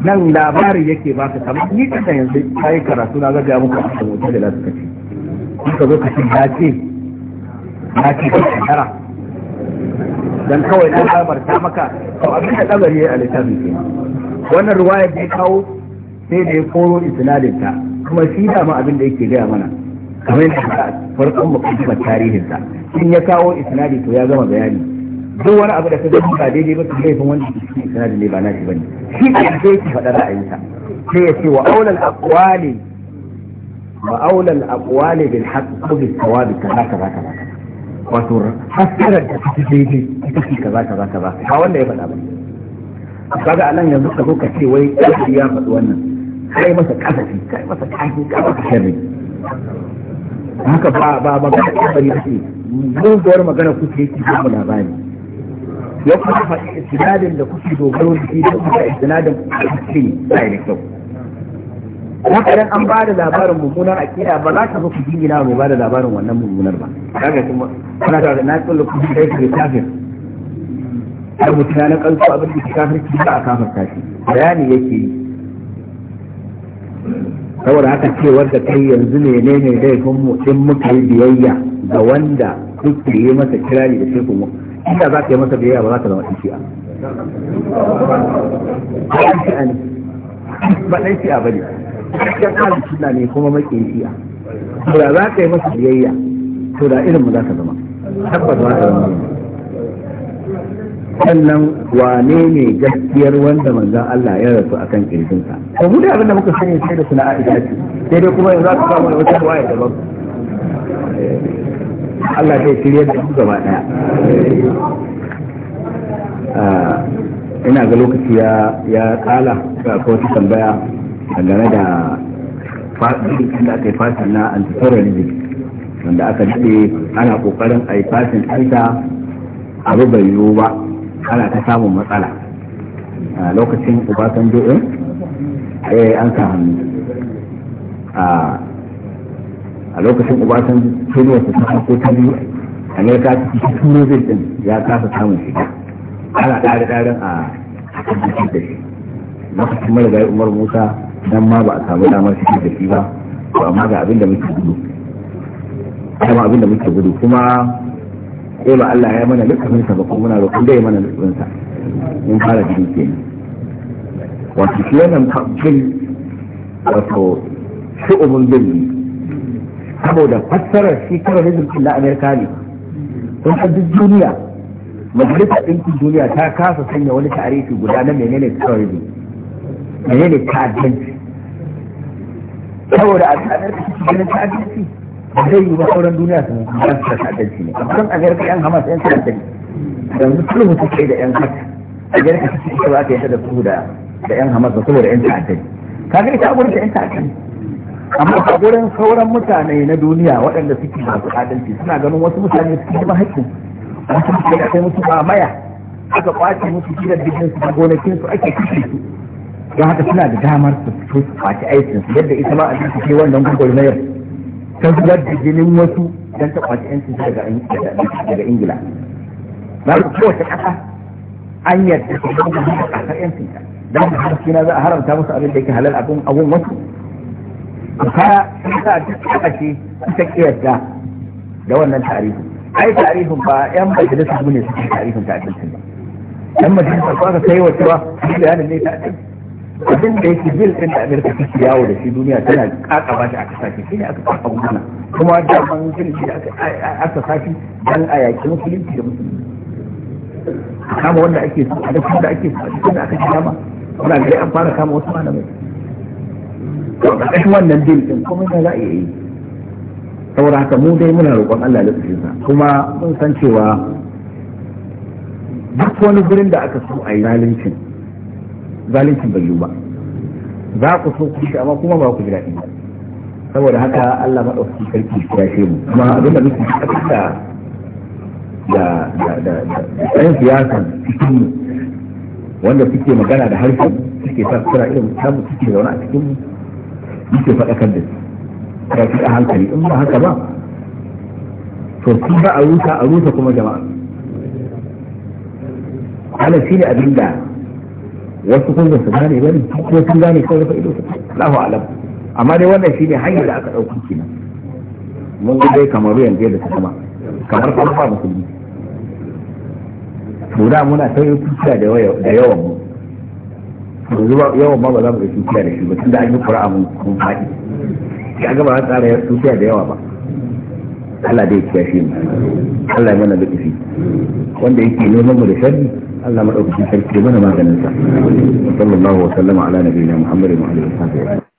nan labarin yake baka kamar ni kasa yanzu ta yi karatu na gaggaya muku a cikin wata da za su ka kace in ka zo ka ce ya ce ya ce ka shekara dan kawai na labar ta maka to abin da ɗabari ya yi a littafin ke wannan ruwayar da ya kawo sai da ya koro isnadin ta kuma shi da ma abin da yake gaya mana kamar yadda farkon mukaddimar tarihin ta in ya kawo isnadi to ya gama bayani duk wani abu da ka gani ba daidai ba ka laifin wanda ke cikin isnadi ne ba na shi bane shi ne sai ki faɗa ra'ayinsa sai ya ce wa aulal aqwali wa aulal aqwali bil haqq wa bis sawabi kaza kaza kaza wato hasarar da take daidai ita ce kaza kaza kaza ba wanda ya faɗa ba kaga anan yanzu ka zo ka ce wai ya faɗi wannan kai masa kasafi kai masa kashi kai masa sharri haka ba ba magana kabari take muguwar magana kuke ki samu labari ya kuma faɗi istinadin da kuke dogaro da shi da kuka istinadin kuke sai da kyau haka dan an da labarin mummunar akida ba za ka zo ku jingina mu bada labarin wannan mummunar ba kaga kuma kana da na kullu ku kai ku kafir da mutane kan su abin da kafir ba a kafir kashi bayani yake yi saboda haka cewar da kai yanzu ne ne ne laifin mu in muka yi biyayya ga wanda duk da yi masa kirari da shirku mu inda za ka yi masa biyayya ba za ka zama ɗan shi'a ba ɗan shi'a ba ne cikin ahalin suna ne kuma maƙin shi'a to da za ka yi masa biyayya to da irin mu za ka zama tabbas za ka zama sannan wane ne gaskiyar wanda manzan Allah ya rasu akan kirjinsa a mu da abin da muka sani sai da suna aisha ce sai dai kuma yanzu aka samu wata waya daban Allah zai shirya da su gaba daya ah, ina ga lokaci ya kala ga kowace tambaya dangane da fasirin da aka yi fasin na antiterrorism wanda aka daɗe ana ƙoƙarin a yi fasin ɗansa abu bai yiwu ba ana ta samun matsala a lokacin ubasanjo ɗin eh an sa hannu a lokacin ubatan tuniya su ta ko ta biyu amerika cikin turo zai ɗin ya kasa samun shiga ana ɗari ɗaren a cikin da shi lokacin gari umar musa dan ma ba a samu damar shi da shi ba to amma ga abinda muke gudu kuma abinda muke gudu kuma eh ba Allah ya mana lukafin sa ba kuma muna roƙon da ya mana lukafin sa mun fara jini ke wato shi wannan jin wato shi'ubun jin saboda fassarar shi kare rizin na Amerika ne sun san duk duniya majalisar ɗinkin duniya ta kasa sanya wani tarihi guda na menene terrorism menene ta'addanci saboda a tsanar da ganin ta'addanci ba zai yi ba sauran duniya su ba su ta'addanci ne kusan amerika yan hamas yan ta'addanci yanzu sulhu suke da yan kasa amerika su ce ba ta yadda da su da da yan hamas da saboda yan ta'addanci ka gani ta gurin ta yan ta'addanci amma a gurin sauran mutane na duniya waɗanda suke masu adalci suna ganin wasu mutane su kuma haƙƙin wasu suke da kai musu ba maya aka kwace musu gidan bikin su da gonakin su ake kashe su don haka suna da damar su fito su kwace aikin su yadda ita ma a cikin wannan gwagwarmayar ta zubar da jinin wasu don ta kwaci yancin daga ingila ba su ta ƙasa an yadda su zama da ƙasar yancin ta don da harshe na za a haramta musu abin da yake halal abin abin wasu a kaya sun sa duk ƙasashe suka ƙiyarda da wannan tarihi ai tarihin ba yan majalisar ne suke tarihin ta abincin ba yan majalisar ba ka kai wa cewa bayanin ne ta abincin abin da yake bil din da Amerika take yawo da shi duniya tana kaka ba shi a kasashe shi ne aka kaka gudu kuma da man bil shi aka sashi dan a yaki musulunci da musulunci kama wanda ake so a dukkan da ake so a cikin aka dama wanda gari an fara kama wasu malamai to kashin wannan bil din kuma ne za a yi saboda haka mu dai muna roƙon Allah da tsayin kuma mun san cewa duk wani gurin da aka so a yi zalincin zalincin bai yiwu ba za ku so ku shi amma kuma ba ku ji daɗi ba saboda haka Allah maɗaukaki sarki ya ce mu kuma abinda muke da da da da ɗan siyasa cikin mu wanda suke magana da harshe suke sa sura irin samu suke zaune a cikin mu muke faɗakar da su ba su hankali in ba haka ba to su ba a rusa a rusa kuma jama'a Allah shi ne abinda wasu kun su gane bari? ko sun gane ko rufe ido su lafa alam amma dai wannan shine hanyar da aka ɗauki kenan mun ga dai kamar ruwan da kuma kamar kuma ba yi. to da muna ta yi kuciya da yawan mu yanzu yawan ma ba za mu yi kuciya da shi ba tun da an yi qur'a mun mun faɗi ya ga ba tsara kuciya da yawa ba Allah da ya kiyashe mu Allah ya mana da kifi wanda yake neman mu da sharri Allah madaukakin sarki ya mana maganin sa sallallahu wa sallama ala nabiyina Muhammadin wa alihi wa sahbihi